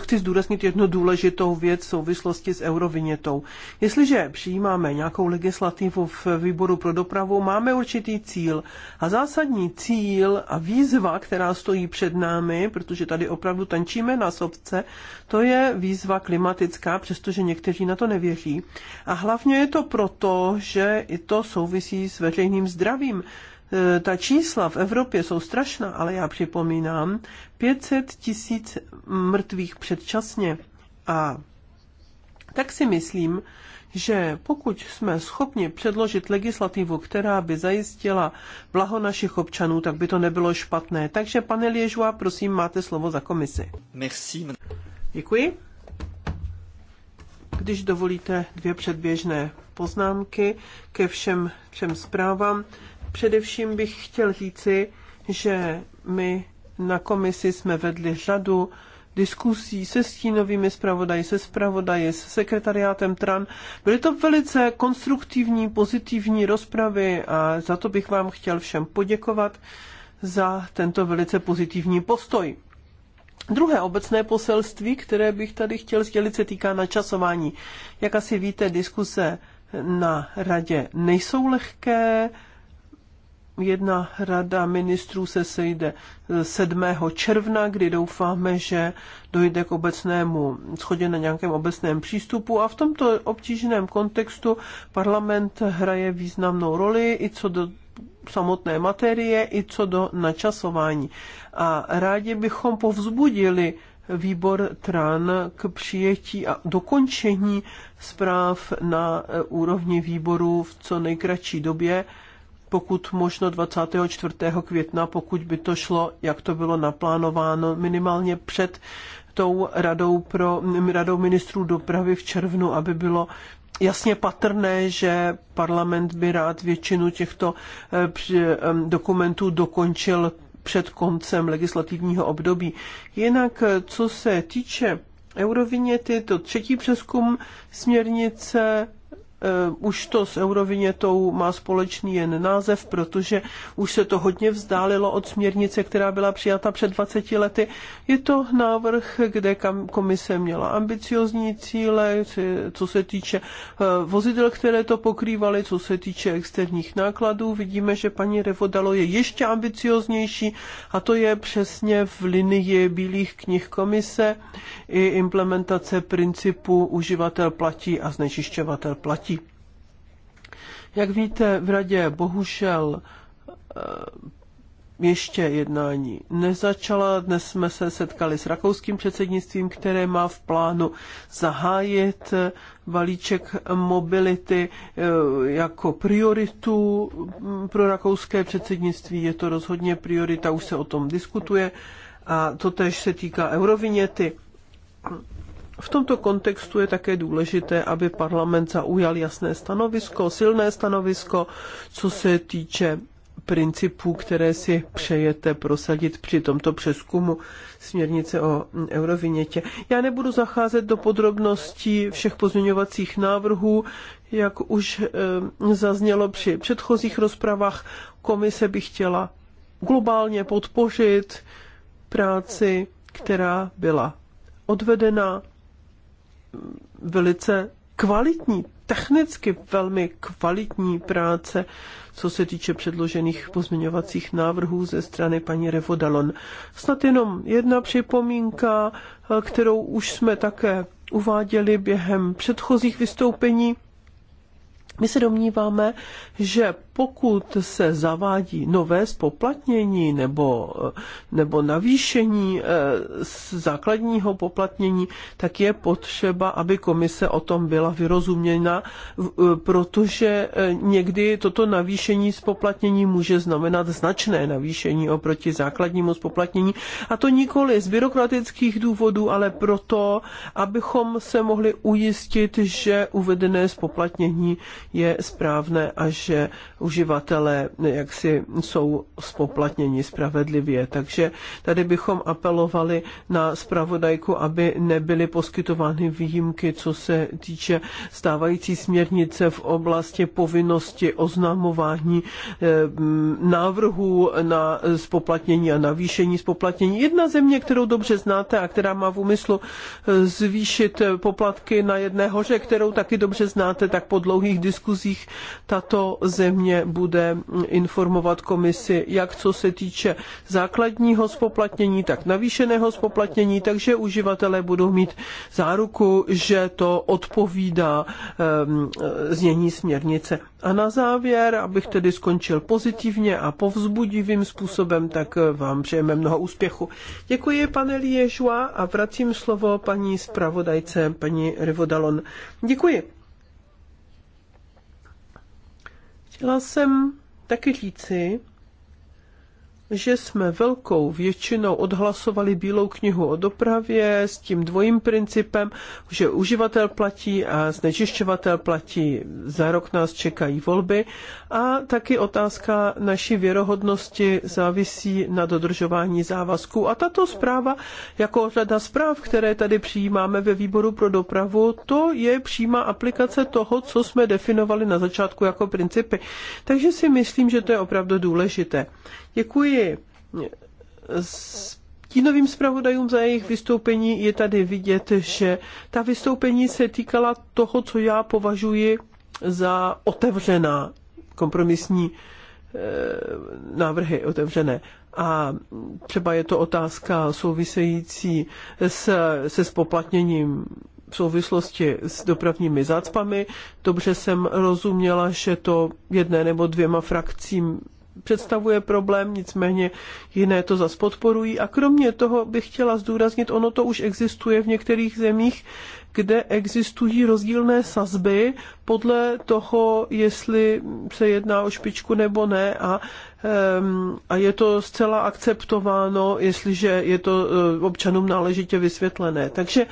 chci zdůraznit jednu důležitou věc v souvislosti s eurovinětou. Jestliže přijímáme nějakou legislativu v výboru pro dopravu, máme určitý cíl. A zásadní cíl a výzva, která stojí před námi, protože tady opravdu tančíme na sobce, to je výzva klimatická, přestože někteří na to nevěří. A hlavně je to proto, že i to souvisí s veřejným zdravím. Eh, ta čísla v Evropě jsou strašná, ale já připomínám, 500 tisíc mrtvých předčasně. A tak si myslím, že pokud jsme schopni předložit legislativu, která by zajistila blaho našich občanů, tak by to nebylo špatné. Takže, pane Liežua, prosím, máte slovo za komisi. Merci. Děkuji. Když dovolíte dvě předběžné poznámky ke všem třem zprávám. Především bych chtěl říci, že my na komisi jsme vedli řadu diskusí se stínovými zpravodaji, se zpravodaji, se sekretariátem TRAN. Byly to velice konstruktivní, pozitivní rozpravy a za to bych vám chtěl všem poděkovat za tento velice pozitivní postoj. Druhé obecné poselství, které bych tady chtěl sdělit, se týká načasování. Jak asi víte, diskuse na radě nejsou lehké, jedna rada ministrů se sejde 7. Eh, června, kdy doufáme, že dojde k obecnému schodě na nějakém obecném přístupu a v tomto obtížném kontextu parlament hraje významnou roli i co do samotné materie, i co do načasování. A rádi bychom povzbudili výbor TRAN k přijetí a dokončení zpráv na eh, úrovni výboru v co nejkratší době, pokud možno 24. května, pokud by to šlo, jak to bylo naplánováno, minimálně před tou radou, pro, radou ministrů dopravy v červnu, aby bylo jasně patrné, že parlament by rád většinu těchto e, dokumentů dokončil před koncem legislativního období. Jinak, e, co se týče euroviněty, to třetí přeskum směrnice Eh, už to s eurovinětou má společný jen název, protože už se to hodně vzdálilo od směrnice, která byla přijata před 20 lety. Je to návrh, kde kam komise měla ambiciozní cíle, co se týče eh, vozidel, které to pokrývaly, co se týče externích nákladů. Vidíme, že paní Revodalo je ještě ambicioznější a to je přesně v linii bílých knih komise i implementace principu uživatel platí a znečišťovatel platí jak víte, v radě bohužel eh, ještě jednání nezačala. Dnes jsme se setkali s rakouským předsednictvím, které má v plánu zahájit eh, balíček mobility eh, jako prioritu mm, pro rakouské předsednictví. Je to rozhodně priorita, už se o tom diskutuje. A to tež se týká euroviněty. V tomto kontextu je také důležité, aby parlament zaujal jasné stanovisko, silné stanovisko, co se týče principů, které si přejete prosadit při tomto přeskumu směrnice o eurovinětě. Já nebudu zacházet do podrobností všech pozměňovacích návrhů, jak už eh, zaznělo při předchozích rozpravách, komise by chtěla globálně podpořit práci, která byla odvedena velice kvalitní, technicky velmi kvalitní práce, co se týče předložených pozměňovacích návrhů ze strany paní Revodalon. Snad jenom jedna připomínka, eh, kterou už jsme také uváděli během předchozích vystoupení. My se domníváme, že pokud se zavádí nové spoplatnění nebo, eh, nebo navýšení eh, základního poplatnění, tak je potřeba, aby komise o tom byla vyrozuměna, eh, protože někdy toto navýšení spoplatnění může znamenat značné navýšení oproti základnímu spoplatnění. A to nikoli z byrokratických důvodů, ale proto, abychom se mohli ujistit, že uvedené spoplatnění je správné a že uživatelé jaksi jsou spoplatněni spravedlivě. Takže tady bychom apelovali na spravodajku, aby nebyly poskytovány výjimky, co se týče stávající směrnice v oblasti povinnosti oznamování eh, návrhů na spoplatnění a navýšení spoplatnění. Jedna země, kterou dobře znáte a která má v úmyslu eh, zvýšit poplatky na jedné hoře, kterou taky dobře znáte, tak po dlouhých diskusích diskuzích tato země bude informovat komisi, jak co se týče základního spoplatnění, tak navýšeného spoplatnění, takže uživatelé budou mít záruku, že to odpovídá um, znění směrnice. A na závěr, abych tedy skončil pozitivně a povzbudivým způsobem, tak vám přejeme mnoho úspěchu. Děkuji, pane Liežua, a vracím slovo paní zpravodajce, paní Rivodalon. Děkuji. Chtěla jsem taky říci, že jsme velkou většinou odhlasovali Bílou knihu o dopravě s tím dvojím principem, že uživatel platí a znečišťovatel platí. Za rok nás čekají volby a taky otázka naší věrohodnosti závisí na dodržování závazků. A tato zpráva, jako řada zpráv, které tady přijímáme ve výboru pro dopravu, to je přímá aplikace toho, co jsme definovali na začátku jako principy. Takže si myslím, že to je opravdu důležité. Děkuji stínovým zpravodajům za jejich vystoupení. Je tady vidět, že ta vystoupení se týkala toho, co já považuji za otevřená kompromisní eh, návrhy otevřené. A třeba je to otázka související s, se spoplatněním v souvislosti s dopravními zácpami. Dobře jsem rozuměla, že to jedné nebo dvěma frakcím představuje problém, nicméně jiné to zas podporují. A kromě toho bych chtěla zdůraznit, ono to už existuje v některých zemích, kde existují rozdílné sazby podle toho, jestli se jedná o špičku nebo ne a Ehm, a je to zcela akceptováno, jestliže je to eh, občanům náležitě vysvětlené. Takže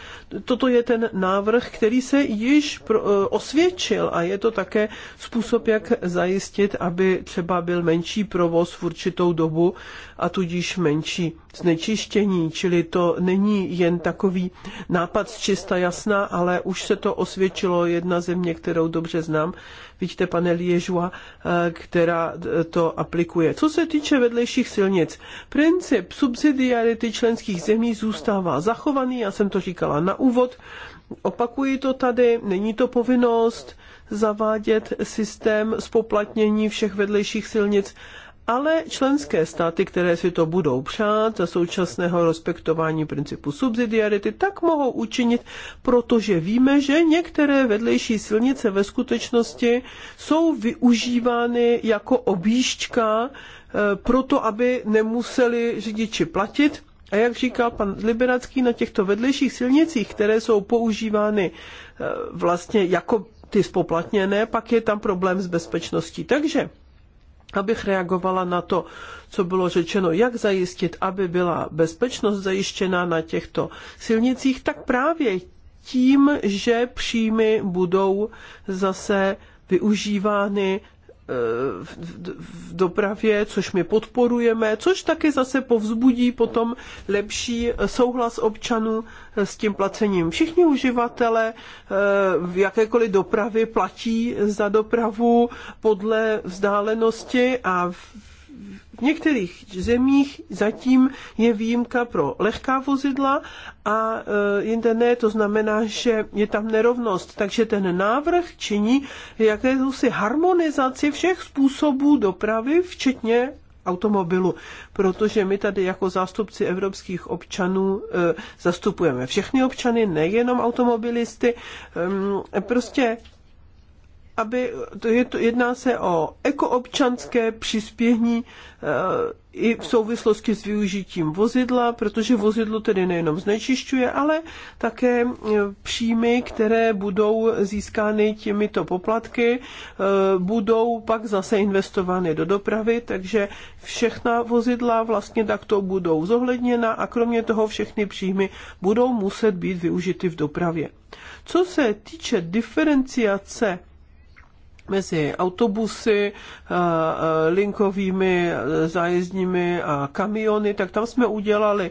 toto je ten návrh, který se již eh, osvědčil a je to také způsob, jak zajistit, aby třeba byl menší provoz v určitou dobu a tudíž menší znečištění, čili to není jen takový nápad čista jasná, ale už se to osvědčilo jedna země, kterou dobře znám, vidíte pane Liežua, eh, která to aplikuje. Co se týče vedlejších silnic, princip subsidiarity členských zemí zůstává zachovaný, já jsem to říkala na úvod, Opakuji to tady, není to povinnost zavádět systém spoplatnění všech vedlejších silnic, ale členské státy, které si to budou přát za současného respektování principu subsidiarity, tak mohou učinit, protože víme, že některé vedlejší silnice ve skutečnosti jsou využívány jako objížďka eh, proto, aby nemuseli řidiči platit. A jak říkal pan Liberacký, na těchto vedlejších silnicích, které jsou používány eh, vlastně jako ty spoplatněné, pak je tam problém s bezpečností. Takže abych reagovala na to, co bylo řečeno, jak zajistit, aby byla bezpečnost zajištěna na těchto silnicích, tak právě tím, že příjmy budou zase využívány v dopravě, což my podporujeme, což taky zase povzbudí potom lepší souhlas občanů s tím placením. Všichni uživatelé eh, v jakékoliv dopravy platí za dopravu podle vzdálenosti a v některých zemích zatím je výjimka pro lehká vozidla a e, jinde ne, to znamená, že je tam nerovnost. Takže ten návrh činí jakési harmonizaci všech způsobů dopravy, včetně automobilu, protože my tady jako zástupci evropských občanů e, zastupujeme všechny občany, nejenom automobilisty. Ehm, prostě aby to je, to, jedná se o ekoobčanské přispění e, i v souvislosti s využitím vozidla, protože vozidlo tedy nejenom znečišťuje, ale také eh, příjmy, které budou získány těmito poplatky, eh, budou pak zase investovány do dopravy, takže všechna vozidla vlastně takto budou zohledněna a kromě toho všechny příjmy budou muset být využity v dopravě. Co se týče diferenciace mezi autobusy, eh, eh, linkovými eh, zájezdními a kamiony, tak tam jsme udělali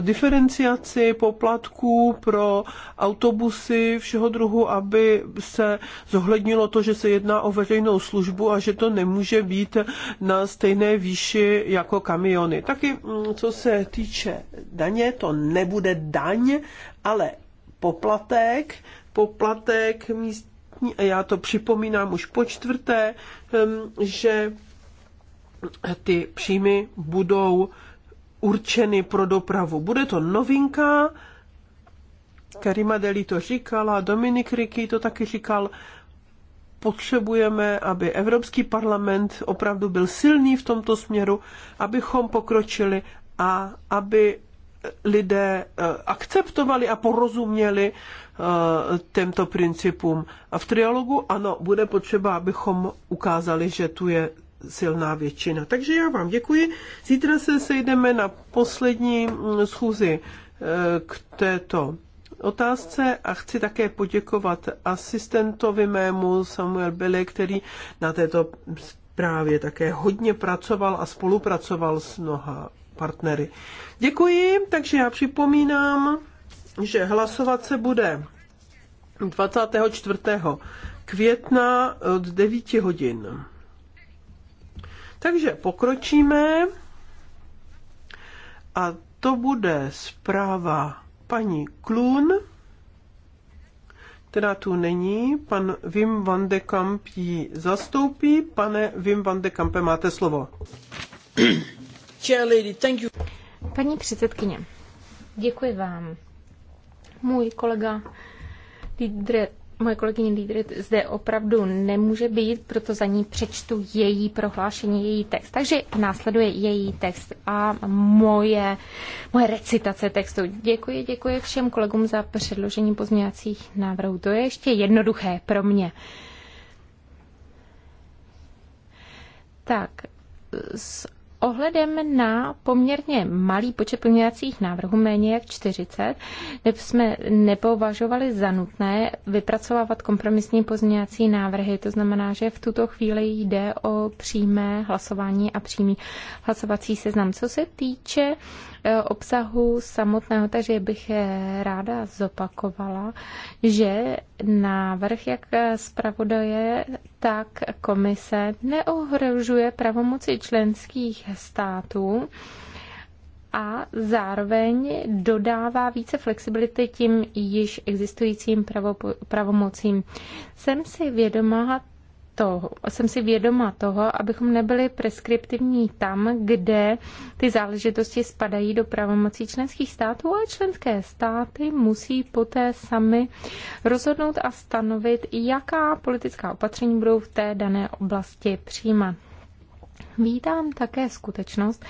diferenciaci poplatků pro autobusy všeho druhu, aby se zohlednilo to, že se jedná o veřejnou službu a že to nemůže být na stejné výši jako kamiony. Taky mm, co se týče daně, to nebude daň, ale poplatek, poplatek míst relevantní a já to připomínám už po čtvrté, že ty příjmy budou určeny pro dopravu. Bude to novinka, Karima Deli to říkala, Dominik Riky to taky říkal, potřebujeme, aby Evropský parlament opravdu byl silný v tomto směru, abychom pokročili a aby lidé eh, akceptovali a porozuměli eh, těmto principům. A v trialogu ano, bude potřeba, abychom ukázali, že tu je silná většina. Takže já vám děkuji. Zítra se sejdeme na poslední mm, schůzi eh, k této otázce a chci také poděkovat asistentovi mému Samuel Bele, který na této právě také hodně pracoval a spolupracoval s mnoha partnery. Děkuji, takže já připomínám, že hlasovat se bude 24. května od 9 hodin. Takže pokročíme a to bude zpráva paní Klun, která tu není. Pan Wim van de Kamp ji zastoupí. Pane Wim van de Kampe, máte slovo. Paní předsedkyně, děkuji vám. Můj kolega Lidre, moje kolegyně Lidre zde opravdu nemůže být, proto za ní přečtu její prohlášení, její text. Takže následuje její text a moje, moje recitace textu. Děkuji, děkuji všem kolegům za předložení pozměňovacích návrhů. To je ještě jednoduché pro mě. Tak, s ohledem na poměrně malý počet pozměňovacích návrhů, méně jak 40, jsme nepovažovali za nutné vypracovávat kompromisní pozměňovací návrhy. To znamená, že v tuto chvíli jde o přímé hlasování a přímý hlasovací seznam. Co se týče E, obsahu samotného, takže bych ráda zopakovala, že návrh jak zpravodaje, tak komise neohrožuje pravomoci členských států a zároveň dodává více flexibility tím již existujícím pravomocím. Jsem si vědomá to, jsem si vědoma toho, abychom nebyli preskriptivní tam, kde ty záležitosti spadají do pravomocí členských států a členské státy musí poté sami rozhodnout a stanovit, jaká politická opatření budou v té dané oblasti přijímat. Vítám také skutečnost,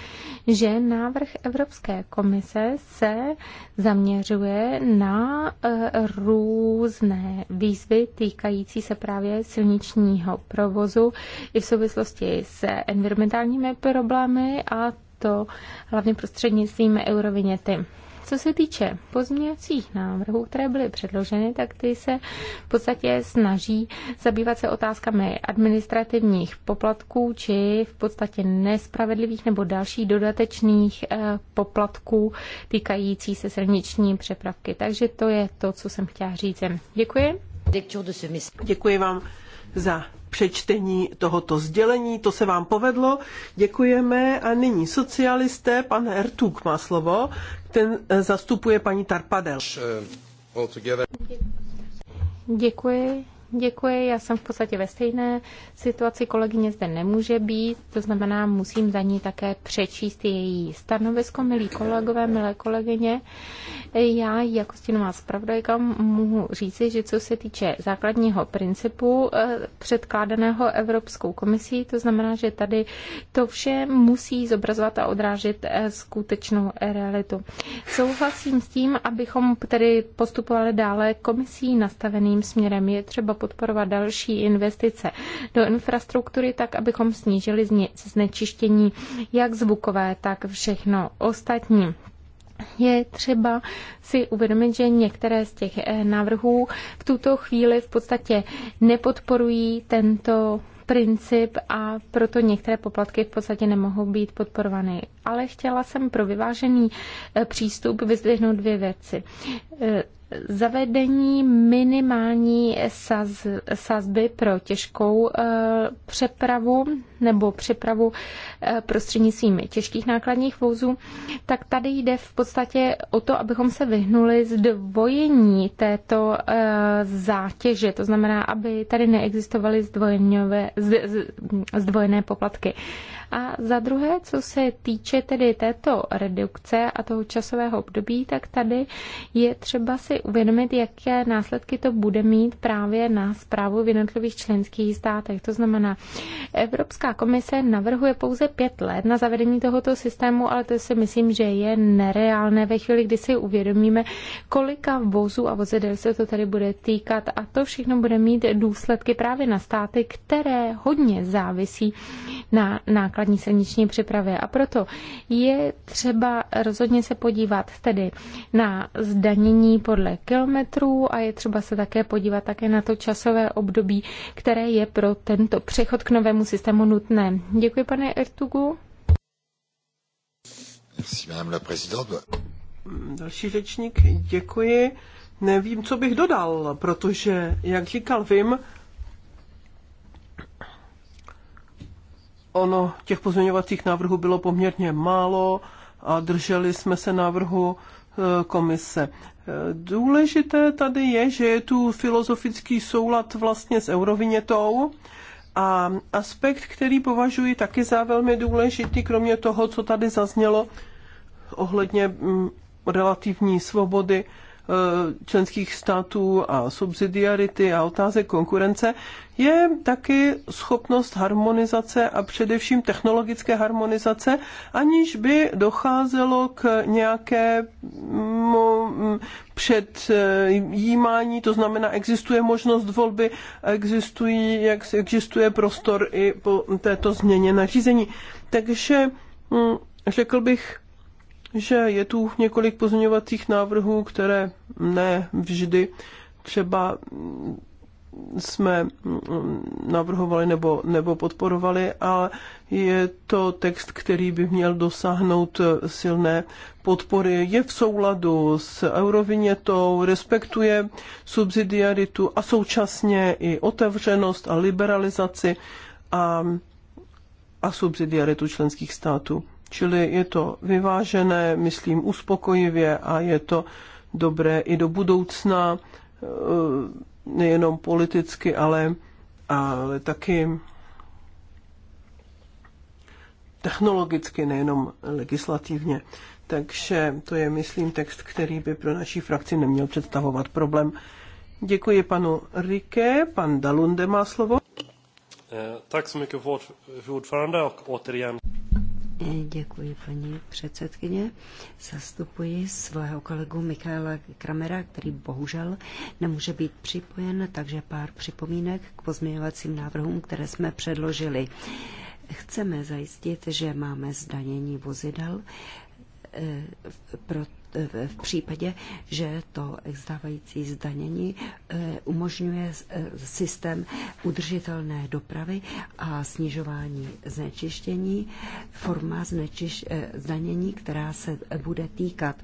že návrh Evropské komise se zaměřuje na eh, různé výzvy týkající se právě silničního provozu i v souvislosti s environmentálními problémy a to hlavně prostřednictvím euroviněty. Co se týče pozměňovacích návrhů, které byly předloženy, tak ty se v podstatě snaží zabývat se otázkami administrativních poplatků či v podstatě nespravedlivých nebo dalších dodatečných eh, poplatků týkající se srdniční přepravky. Takže to je to, co jsem chtěla říct. Děkuji. Děkuji vám za přečtení tohoto sdělení. To se vám povedlo. Děkujeme. A nyní socialisté, pan Ertuk má slovo. Ten eh, zastupuje paní Tarpadel. Eh, Děkuji. Děkuji, já jsem v podstatě ve stejné situaci, kolegyně zde nemůže být, to znamená, musím za ní také přečíst její stanovisko, milí kolegové, milé kolegyně. Já jako stěnová zpravodajka mohu říci, že co se týče základního principu eh, předkládaného Evropskou komisí, to znamená, že tady to vše musí zobrazovat a odrážet eh, skutečnou realitu. Souhlasím s tím, abychom tedy postupovali dále komisí nastaveným směrem. Je třeba podporovat další investice do infrastruktury, tak abychom snížili znečištění jak zvukové, tak všechno ostatní je třeba si uvědomit, že některé z těch eh, návrhů v tuto chvíli v podstatě nepodporují tento princip a proto některé poplatky v podstatě nemohou být podporovány. Ale chtěla jsem pro vyvážený eh, přístup vyzdvihnout dvě věci. Eh, zavedení minimální saz, sazby pro těžkou e, přepravu nebo přepravu e, prostřednictvím těžkých nákladních vozů, tak tady jde v podstatě o to, abychom se vyhnuli zdvojení této e, zátěže, to znamená, aby tady neexistovaly zdvojené poplatky. A za druhé, co se týče tedy této redukce a toho časového období, tak tady je třeba si uvědomit, jaké následky to bude mít právě na zprávu v jednotlivých členských státech. To znamená, Evropská komise navrhuje pouze pět let na zavedení tohoto systému, ale to si myslím, že je nereálné ve chvíli, kdy si uvědomíme, kolika vozů a vozidel se to tady bude týkat. A to všechno bude mít důsledky právě na státy, které hodně závisí na nákladech základní silniční přepravě. A proto je třeba rozhodně se podívat tedy na zdanění podle kilometrů a je třeba se také podívat také na to časové období, které je pro tento přechod k novému systému nutné. Děkuji, pane Ertugu. Merci, madame la présidente. Další řečník, děkuji. Nevím, co bych dodal, protože, jak říkal Vim, ono těch pozměňovacích návrhů bylo poměrně málo a drželi jsme se návrhu e, komise. E, důležité tady je, že je tu filozofický soulad vlastně s eurovinětou a aspekt, který považuji taky za velmi důležitý, kromě toho, co tady zaznělo ohledně mm, relativní svobody Eh, členských států a subsidiarity a otázek konkurence je taky schopnost harmonizace a především technologické harmonizace, aniž by docházelo k nějakému mm, předjímání, to znamená, existuje možnost volby, existují, jak existuje prostor i po této změně nařízení. Takže mm, řekl bych, že je tu několik pozměňovacích návrhů, které ne vždy třeba jsme navrhovali nebo, nebo podporovali, ale je to text, který by měl dosáhnout silné podpory. Je v souladu s eurovinětou, respektuje subsidiaritu a současně i otevřenost a liberalizaci a, a subsidiaritu členských států. Čili je to vyvážené, myslím, uspokojivě a je to dobré i do budoucna, eh, nejenom politicky, ale, ale taky technologicky, nejenom legislativně. Takže to je, myslím, text, který by pro naší frakci neměl představovat problém. Děkuji panu Rike. Pan Dalunde má slovo. Eh, tak så mycket, fru ordförande, och återigen Děkuji, paní předsedkyně. Zastupuji svého kolegu Michaela Kramera, který bohužel nemůže být připojen, takže pár připomínek k pozměňovacím návrhům, které jsme předložili. Chceme zajistit, že máme zdanění vozidel, eh, pro v případě, že to exdávající zdanění eh, umožňuje eh, systém udržitelné dopravy a snižování znečištění, forma znečiš, eh, zdanění, která se bude týkat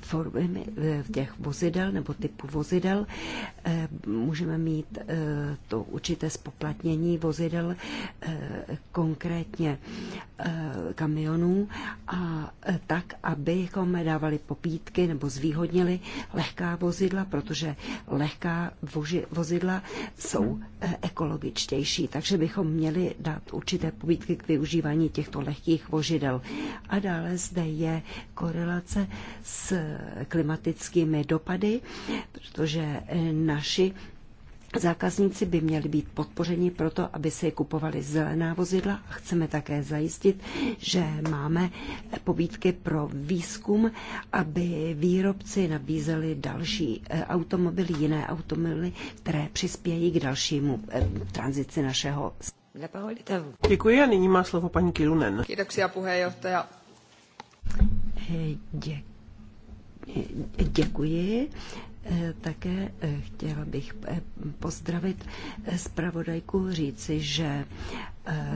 formy těch vozidel nebo typu vozidel. Můžeme mít to určité spoplatnění vozidel, konkrétně kamionů, a tak, abychom dávali poplatnění pítky nebo zvýhodnili lehká vozidla, protože lehká voži, vozidla jsou eh, ekologičtější, takže bychom měli dát určité pobítky k využívání těchto lehkých vozidel. A dále zde je korelace s klimatickými dopady, protože eh, naši Zákazníci by měli být podpořeni proto, aby si kupovali zelená vozidla a chceme také zajistit, že máme pobídky pro výzkum, aby výrobci nabízeli další eh, automobily, jiné automobily, které přispějí k dalšímu eh, tranzici našeho. Děkuji a nyní má slovo paní Kilunen. Eh, děkuji. Děkuji. Eh, také eh, chtěla bych eh, pozdravit zpravodajku, říci, že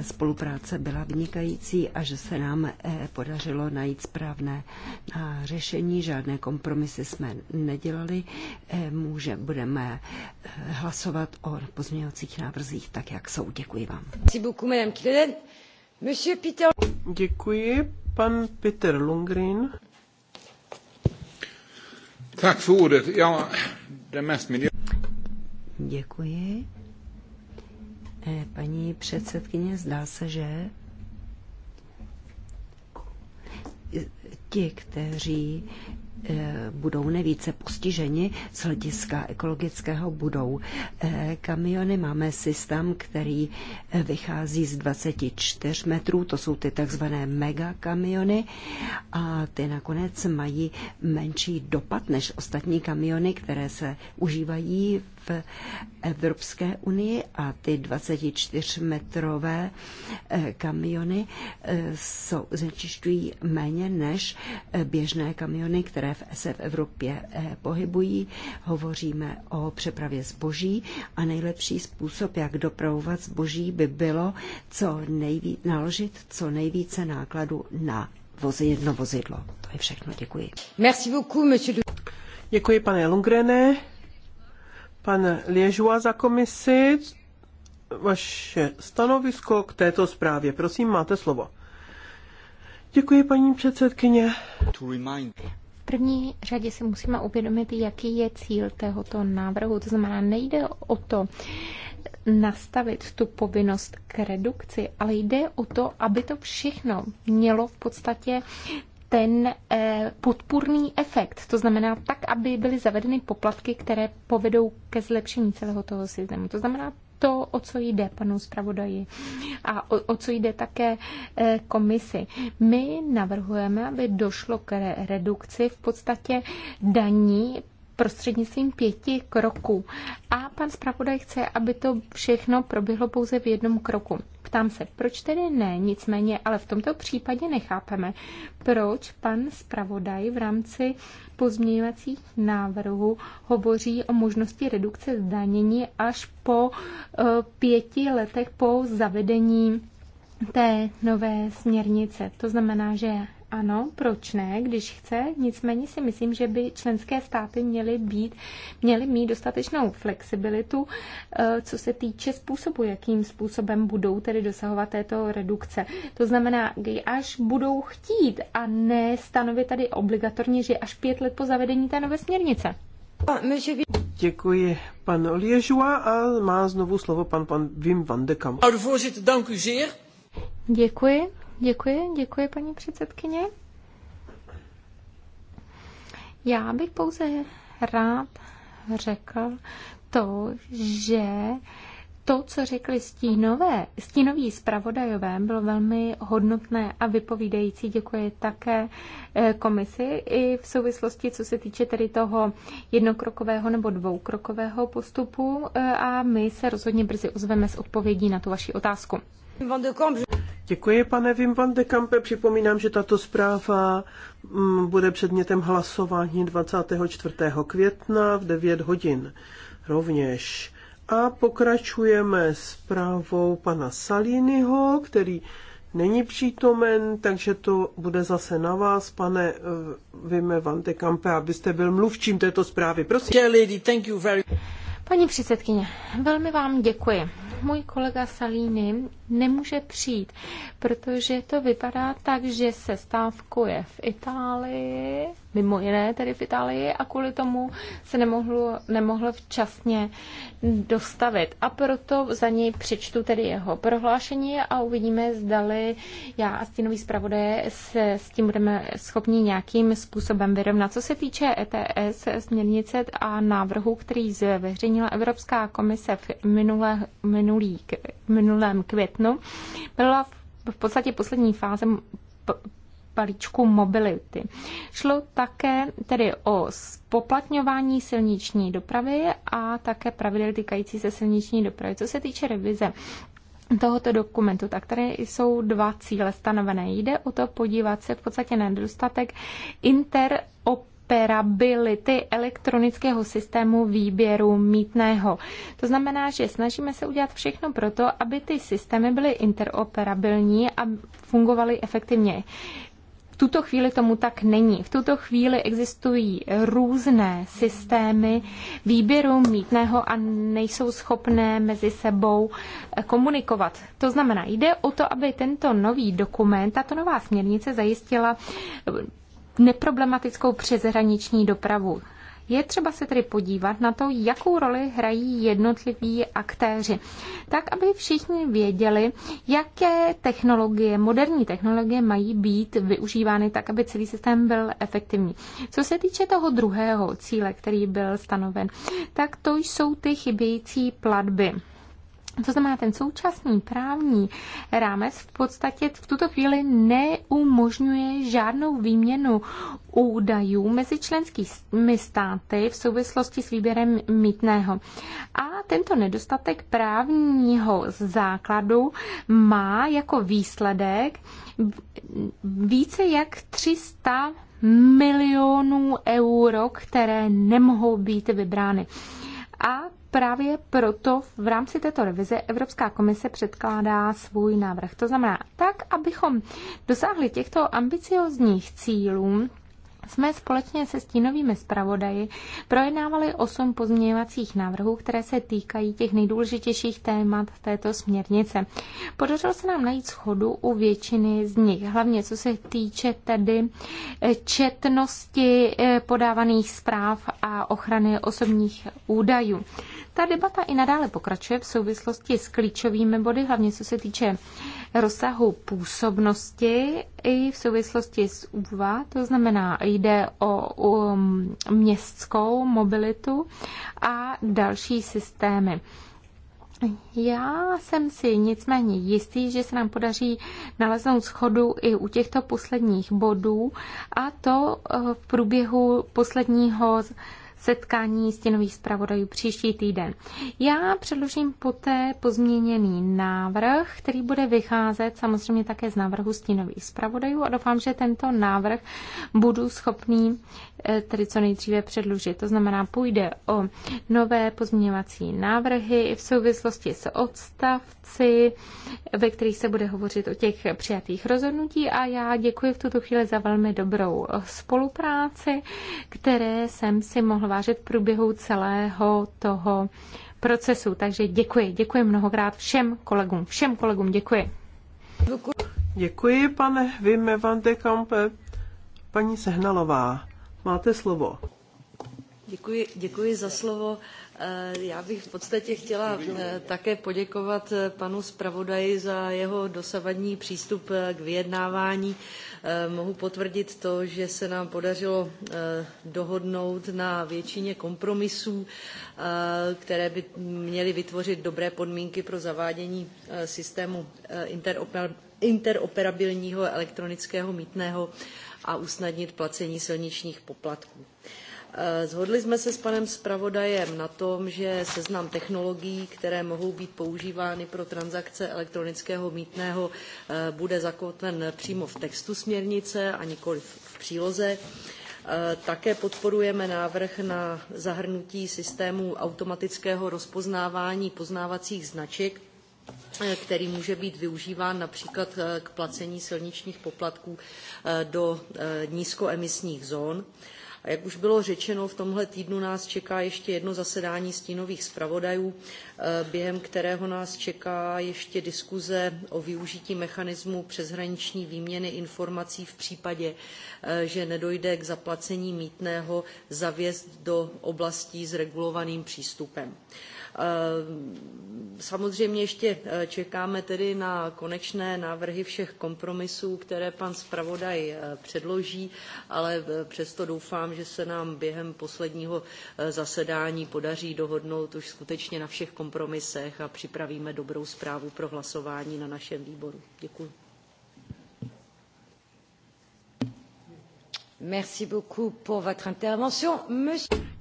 spolupráce byla vynikající a že se nám podařilo najít správné řešení. Žádné kompromisy jsme nedělali. Může, budeme hlasovat o pozměňovacích návrzích tak, jak jsou. Děkuji vám. Děkuji, pan Peter Lundgren. Tak mest Děkuji. Eh, paní předsedkyně, zdá se, že ti, kteří Eh, budou nejvíce postiženi z hlediska ekologického budou. Eh, kamiony máme systém, který eh, vychází z 24 metrů, to jsou ty takzvané megakamiony a ty nakonec mají menší dopad než ostatní kamiony, které se užívají Evropské unii a ty 24-metrové eh, kamiony eh, jsou, znečišťují méně než eh, běžné kamiony, které v, se v Evropě pohybují. Hovoříme o přepravě zboží a nejlepší způsob, jak dopravovat zboží, by bylo co nejvíc, naložit co nejvíce nákladu na vozi, jedno vozidlo. To je všechno, děkuji. Merci beaucoup, monsieur. Děkuji, pane Lungrené. Pane Liežua za komisi, vaše stanovisko k této zprávě. Prosím, máte slovo. Děkuji, paní předsedkyně. V první řadě si musíme uvědomit, jaký je cíl tohoto návrhu. To znamená, nejde o to, nastavit tu povinnost k redukci, ale jde o to, aby to všechno mělo v podstatě ten eh, podpůrný efekt, to znamená tak, aby byly zavedeny poplatky, které povedou ke zlepšení celého toho systému. To znamená to, o co jde panu zpravodaji a o, o co jde také eh, komisi. My navrhujeme, aby došlo k redukci v podstatě daní prostřednictvím pěti kroků. A pan zpravodaj chce, aby to všechno proběhlo pouze v jednom kroku. Ptám se, proč tedy ne, nicméně, ale v tomto případě nechápeme, proč pan zpravodaj v rámci pozměňovacích návrhů hovoří o možnosti redukce zdanění až po eh, pěti letech po zavedení té nové směrnice. To znamená, že ano, proč ne, když chce, nicméně si myslím, že by členské státy měly, být, měly mít dostatečnou flexibilitu, eh, co se týče způsobu, jakým způsobem budou tedy dosahovat této redukce. To znamená, až budou chtít a ne stanovit tady obligatorně, že až pět let po zavedení té nové směrnice. Děkuji pan Liežua a má znovu slovo pan, pan Wim van de Kamp. Děkuji. Děkuji, děkuji paní předsedkyně. Já bych pouze rád řekl to, že to, co řekli stínové, stínoví zpravodajové, bylo velmi hodnotné a vypovídající. Děkuji také eh, komisi i v souvislosti, co se týče tedy toho jednokrokového nebo dvoukrokového postupu eh, a my se rozhodně brzy ozveme s odpovědí na tu vaši otázku. Děkuji, pane Wim van de Kampe. Připomínám, že tato zpráva mm, bude předmětem hlasování 24. května v 9 hodin rovněž. A pokračujeme s pana Saliniho, který není přítomen, takže to bude zase na vás, pane Vime eh, van de Kampe, abyste byl mluvčím této zprávy. Prosím. Paní předsedkyně, velmi vám děkuji můj kolega Salíny nemůže přijít, protože to vypadá tak, že se stávkuje v Itálii mimo jiné tedy v Itálii a kvůli tomu se nemohl, nemohl včasně dostavit. A proto za něj přečtu tedy jeho prohlášení a uvidíme, zdali já a stínový zpravodaje se s tím budeme schopni nějakým způsobem vyrovnat. Co se týče ETS, směrnice a návrhu, který zveřejnila Evropská komise v minulé, minulý, minulém květnu, byla v podstatě poslední fáze balíčku mobility. Šlo také tedy o poplatňování silniční dopravy a také pravidel týkající se silniční dopravy. Co se týče revize tohoto dokumentu, tak tady jsou dva cíle stanovené. Jde o to podívat se v podstatě na nedostatek inter interoperability elektronického systému výběru mítného. To znamená, že snažíme se udělat všechno pro to, aby ty systémy byly interoperabilní a fungovaly efektivně tuto chvíli tomu tak není. V tuto chvíli existují různé systémy výběru mítného a nejsou schopné mezi sebou eh, komunikovat. To znamená, jde o to, aby tento nový dokument, tato nová směrnice zajistila eh, neproblematickou přeshraniční dopravu. Je třeba se tedy podívat na to, jakou roli hrají jednotliví aktéři, tak aby všichni věděli, jaké technologie, moderní technologie mají být využívány tak, aby celý systém byl efektivní. Co se týče toho druhého cíle, který byl stanoven, tak to jsou ty chybějící platby. To znamená, ten současný právní rámec v podstatě v tuto chvíli neumožňuje žádnou výměnu údajů mezi členskými státy v souvislosti s výběrem mítného. A tento nedostatek právního základu má jako výsledek více jak 300 milionů euro, které nemohou být vybrány. A právě proto v rámci této revize Evropská komise předkládá svůj návrh. To znamená, tak, abychom dosáhli těchto ambiciozních cílů, jsme společně se stínovými zpravodaji projednávali osm pozměňovacích návrhů, které se týkají těch nejdůležitějších témat této směrnice. Podařilo se nám najít schodu u většiny z nich, hlavně co se týče tedy eh, četnosti eh, podávaných zpráv a ochrany osobních údajů. Ta debata i nadále pokračuje v souvislosti s klíčovými body, hlavně co se týče rozsahu působnosti i v souvislosti s UVA, to znamená jde o um, městskou mobilitu a další systémy. Já jsem si nicméně jistý, že se nám podaří naleznout schodu i u těchto posledních bodů a to eh, v průběhu posledního setkání stěnových zpravodajů příští týden. Já předložím poté pozměněný návrh, který bude vycházet samozřejmě také z návrhu stěnových zpravodajů a doufám, že tento návrh budu schopný eh, tedy co nejdříve předložit. To znamená, půjde o nové pozměňovací návrhy v souvislosti s odstavci, ve kterých se bude hovořit o těch přijatých rozhodnutí a já děkuji v tuto chvíli za velmi dobrou eh, spolupráci, které jsem si mohla provážet v průběhu celého toho procesu. Takže děkuji, děkuji mnohokrát všem kolegům, všem kolegům děkuji. Děkuji, pane Vime van de Kampe. Paní Sehnalová, máte slovo. Děkuji, děkuji za slovo. Eh, já bych v podstatě chtěla eh, také poděkovat eh, panu zpravodaji za jeho dosavadní přístup k vyjednávání Eh, mohu potvrdit to, že se nám podařilo eh, dohodnout na většině kompromisů, eh, které by měly vytvořit dobré podmínky pro zavádění systému interoperabilního elektronického mítného a usnadnit placení silničních poplatků. Zhodli eh, jsme se s panem zpravodajem na tom, že seznam technologií, které mohou být používány pro transakce elektronického mítného, eh, bude zakotven přímo v textu směrnice a nikoli v příloze. Eh, také podporujeme návrh na zahrnutí systému automatického rozpoznávání poznávacích značek, který může být využíván například k placení silničních poplatků do nízkoemisních zón. A jak už bylo řečeno, v tomhle týdnu nás čeká ještě jedno zasedání stínových zpravodajů, eh, během kterého nás čeká ještě diskuze o využití mechanismu přeshraniční výměny informací v případě, eh, že nedojde k zaplacení mítného zavěst do oblastí s regulovaným přístupem. Eh, samozřejmě ještě eh, čekáme tedy na konečné návrhy všech kompromisů, které pan zpravodaj eh, předloží, ale přesto doufám, že se nám během posledního zasedání podaří dohodnout už skutečně na všech kompromisech a připravíme dobrou zprávu pro hlasování na našem výboru. Děkuji.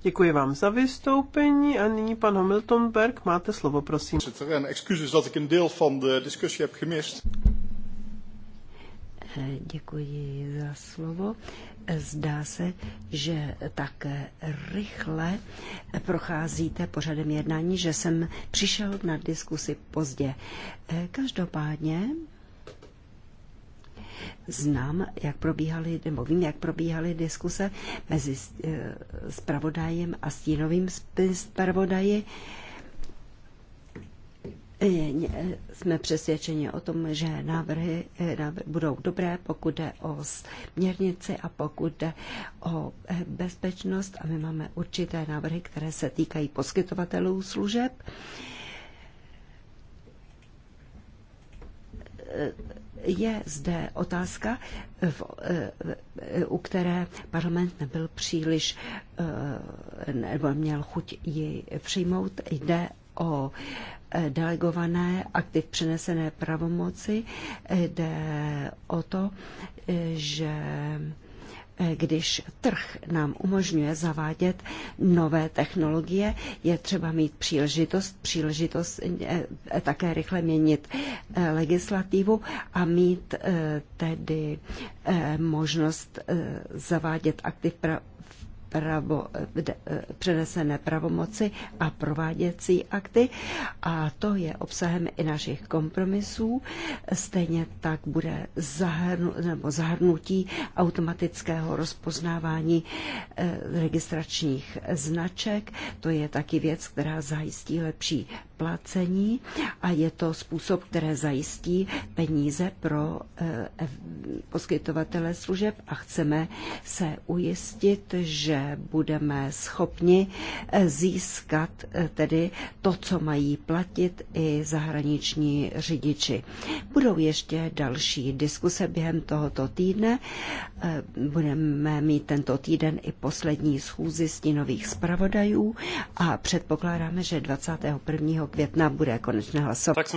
Děkuji vám za vystoupení a nyní pan Hamiltonberg, máte slovo, prosím. Er en excuses dat ik een deel van de discussie Děkuji za slovo. Zdá se, že tak rychle procházíte pořadem jednání, že jsem přišel na diskusi pozdě. Každopádně Znám, jak probíhaly, nebo vím, jak probíhaly diskuse mezi spravodajem eh, a stínovým spravodaji. Eh, eh, jsme přesvědčeni o tom, že návrhy budou dobré, pokud jde o směrnici a pokud jde o bezpečnost. A my máme určité návrhy, které se týkají poskytovatelů služeb je zde otázka, eh, eh, u které parlament nebyl příliš, eh, nebo měl chuť ji přijmout. Jde o delegované aktiv přenesené pravomoci. Jde o to, že Eh, když trh nám umožňuje zavádět nové technologie, je třeba mít příležitost, příležitost eh, také rychle měnit eh, legislativu a mít tedy možnost zavádět aktiv pravo, eh, přenesené pravomoci a prováděcí akty a to je obsahem i našich kompromisů. Stejně tak bude zahrnu, nebo zahrnutí automatického rozpoznávání eh, registračních značek. To je taky věc, která zajistí lepší placení a je to způsob, které zajistí peníze pro eh, poskytovatele služeb a chceme se ujistit, že budeme schopni eh, získat eh, tedy to, co mají platit i zahraniční řidiči. Budou ještě další diskuse během tohoto týdne. Budeme mít tento týden i poslední schůzi stínových zpravodajů a předpokládáme, že 21 května bude konečné hlasování. Tak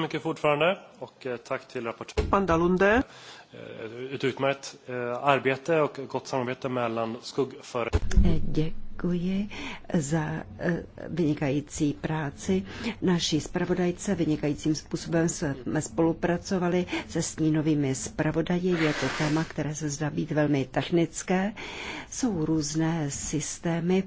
Eh, ett utmärkt eh, arbete och gott samarbete mellan eh, Děkuji za vynikající práci. Naší zpravodajce vynikajícím způsobem jsme spolupracovali se stínovými zpravodaji. Je to téma, které se zdá být velmi technické. Jsou různé systémy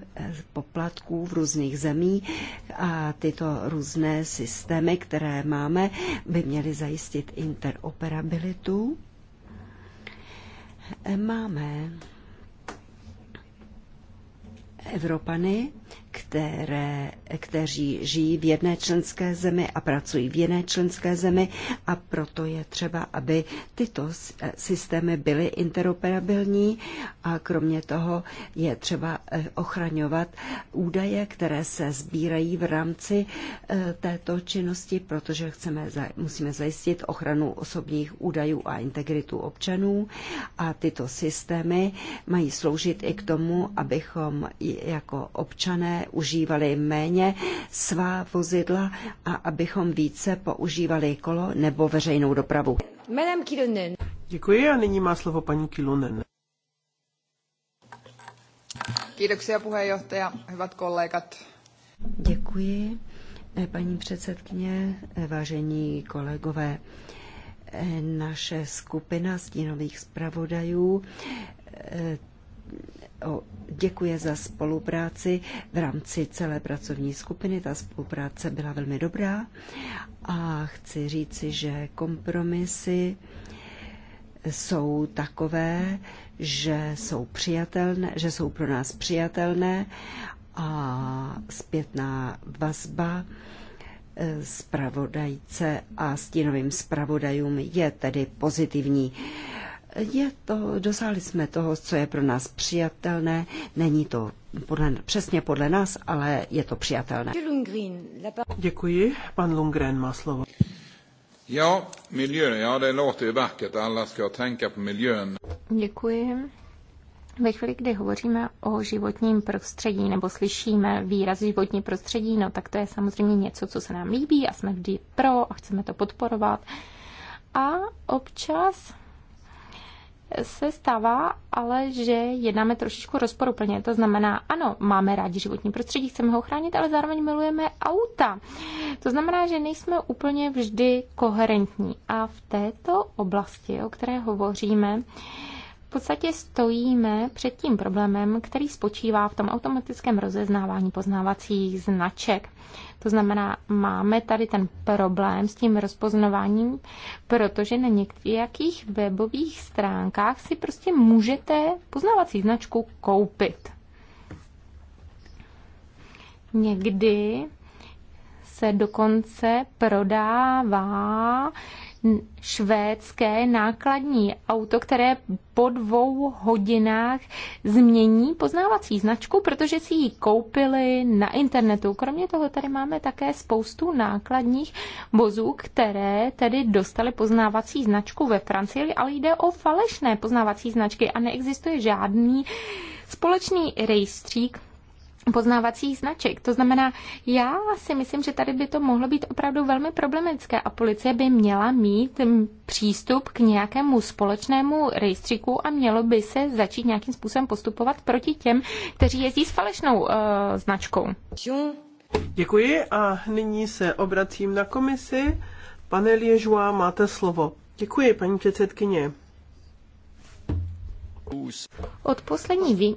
poplatků v různých zemích a tyto různé systémy, které máme, by měly zajistit interoperabilitu Máme Evropany, které, kteří žijí v jedné členské zemi a pracují v jiné členské zemi a proto je třeba, aby tyto systémy byly interoperabilní a kromě toho je třeba eh, ochraňovat údaje, které se sbírají v rámci eh, této činnosti, protože chceme, musíme zajistit ochranu osobních údajů a integritu občanů a tyto systémy mají sloužit i k tomu, abychom jako občané občané užívali méně svá vozidla a abychom více používali kolo nebo veřejnou dopravu. Děkuji a nyní má slovo paní kilunen. Kiitoksia puheenjohtaja, hyvät kollegat. Děkuji, paní předsedkyně, vážení kolegové. Naše skupina stínových zpravodajů děkuje za spolupráci v rámci celé pracovní skupiny. Ta spolupráce byla velmi dobrá a chci říci, že kompromisy jsou takové, že jsou přijatelné, že jsou pro nás přijatelné a zpětná vazba e, zpravodajce a stínovým zpravodajům je tedy pozitivní. Je to, dosáhli jsme toho, co je pro nás přijatelné. Není to podle, přesně podle nás, ale je to přijatelné. Děkuji. Pan Lundgren má slovo. Ja, miljön, ja det låter ju vackert. Alla ska tänka på miljön. Děkuji. Ve chvíli, kdy hovoříme o životním prostředí nebo slyšíme výraz životní prostředí, no tak to je samozřejmě něco, co se nám líbí a jsme vždy pro a chceme to podporovat. A občas se stává ale, že jednáme trošičku rozporuplně. To znamená, ano, máme rádi životní prostředí, chceme ho chránit, ale zároveň milujeme auta. To znamená, že nejsme úplně vždy koherentní. A v této oblasti, o které hovoříme, v podstatě stojíme před tím problémem, který spočívá v tom automatickém rozeznávání poznávacích značek. To znamená, máme tady ten problém s tím rozpoznováním, protože na některých webových stránkách si prostě můžete poznávací značku koupit. Někdy se dokonce prodává švédské nákladní auto, které po dvou hodinách změní poznávací značku, protože si ji koupili na internetu. Kromě toho tady máme také spoustu nákladních vozů, které tedy dostaly poznávací značku ve Francii, ale jde o falešné poznávací značky a neexistuje žádný společný rejstřík poznávacích značek. To znamená, já si myslím, že tady by to mohlo být opravdu velmi problematické a policie by měla mít mm, přístup k nějakému společnému rejstříku a mělo by se začít nějakým způsobem postupovat proti těm, kteří jezdí s falešnou uh, značkou. Děkuji a nyní se obracím na komisi. Pane Ježuá, máte slovo. Děkuji, paní předsedkyně. Od poslední vý...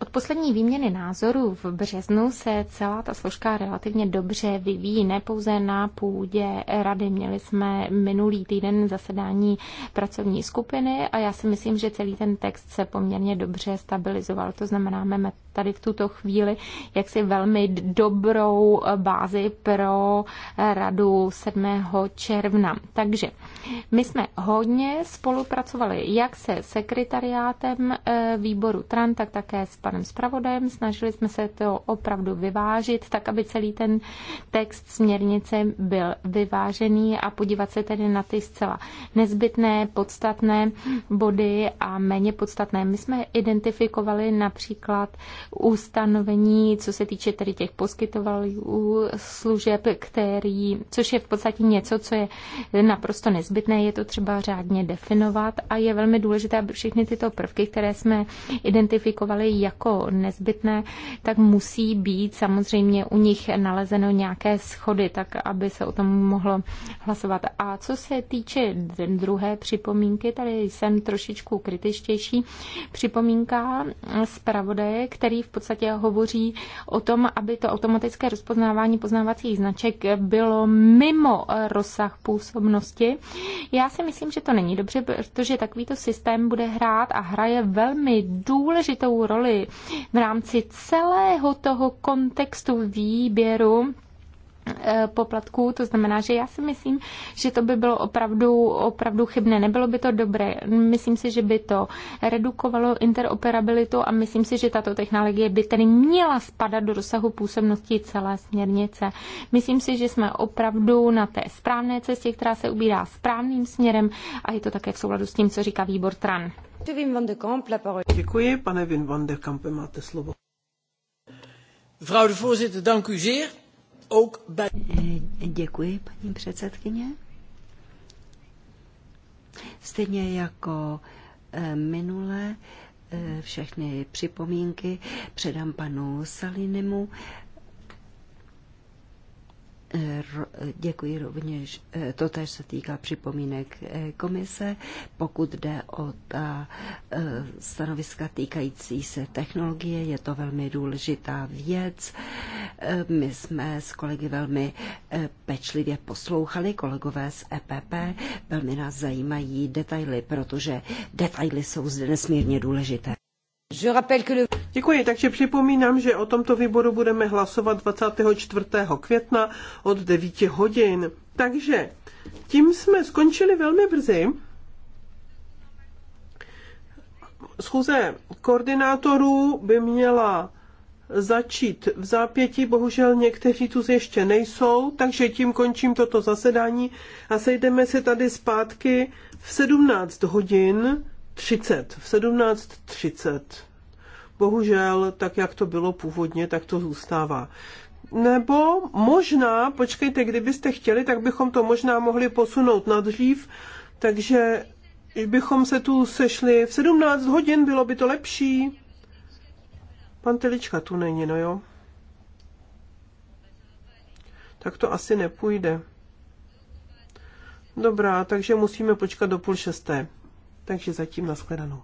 Od poslední výměny názorů v březnu se celá ta složka relativně dobře vyvíjí, ne pouze na půdě rady. Měli jsme minulý týden zasedání pracovní skupiny a já si myslím, že celý ten text se poměrně dobře stabilizoval. To znamená, máme tady v tuto chvíli jaksi velmi dobrou eh, bázi pro eh, radu 7. června. Takže my jsme hodně spolupracovali jak se sekretariátem eh, výboru TRAN, tak také s panem zpravodajem. Snažili jsme se to opravdu vyvážit, tak aby celý ten text směrnice byl vyvážený a podívat se tedy na ty zcela nezbytné, podstatné body a méně podstatné. My jsme identifikovali například ustanovení, co se týče tedy těch poskytovatelů služeb, který, což je v podstatě něco, co je naprosto nezbytné, je to třeba řádně definovat a je velmi důležité, aby všechny tyto prvky, které jsme identifikovali jako nezbytné, tak musí být samozřejmě u nich nalezeno nějaké schody, tak aby se o tom mohlo hlasovat. A co se týče druhé připomínky, tady jsem trošičku kritičtější. Připomínka zpravodaje, který který v podstatě hovoří o tom, aby to automatické rozpoznávání poznávacích značek bylo mimo rozsah působnosti. Já si myslím, že to není dobře, protože takovýto systém bude hrát a hraje velmi důležitou roli v rámci celého toho kontextu výběru Eh, poplatků. To znamená, že já si myslím, že to by bylo opravdu, opravdu chybné. Nebylo by to dobré. Myslím si, že by to redukovalo interoperabilitu a myslím si, že tato technologie by tedy měla spadat do rozsahu působnosti celé směrnice. Myslím si, že jsme opravdu na té správné cestě, která se ubírá správným směrem a je to také v souladu s tím, co říká výbor TRAN. Děkuji, pane Wim van der Kampe, máte slovo. Mevrouw de voorzitter, dank u zeer ook bij... Děkuji, paní předsedkyně. Stejně jako eh, minule eh, všechny připomínky předám panu Salinimu Děkuji rovněž. Eh, to tež se týká připomínek eh, komise. Pokud jde o ta eh, stanoviska týkající se technologie, je to velmi důležitá věc. My jsme s kolegy velmi pečlivě poslouchali, kolegové z EPP. Velmi nás zajímají detaily, protože detaily jsou zde nesmírně důležité. Děkuji, takže připomínám, že o tomto výboru budeme hlasovat 24. května od 9 hodin. Takže tím jsme skončili velmi brzy. Schůze koordinátorů by měla začít v zápěti. bohužel někteří tu ještě nejsou, takže tím končím toto zasedání a sejdeme se tady zpátky v 17 hodin 30, v 17.30. Bohužel, tak jak to bylo původně, tak to zůstává. Nebo možná, počkejte, kdybyste chtěli, tak bychom to možná mohli posunout na dřív, takže bychom se tu sešli v 17 hodin, bylo by to lepší. Pan Telička tu není, no jo. Tak to asi nepůjde. Dobrá, takže musíme počkat do půl šesté. Takže zatím nashledanou.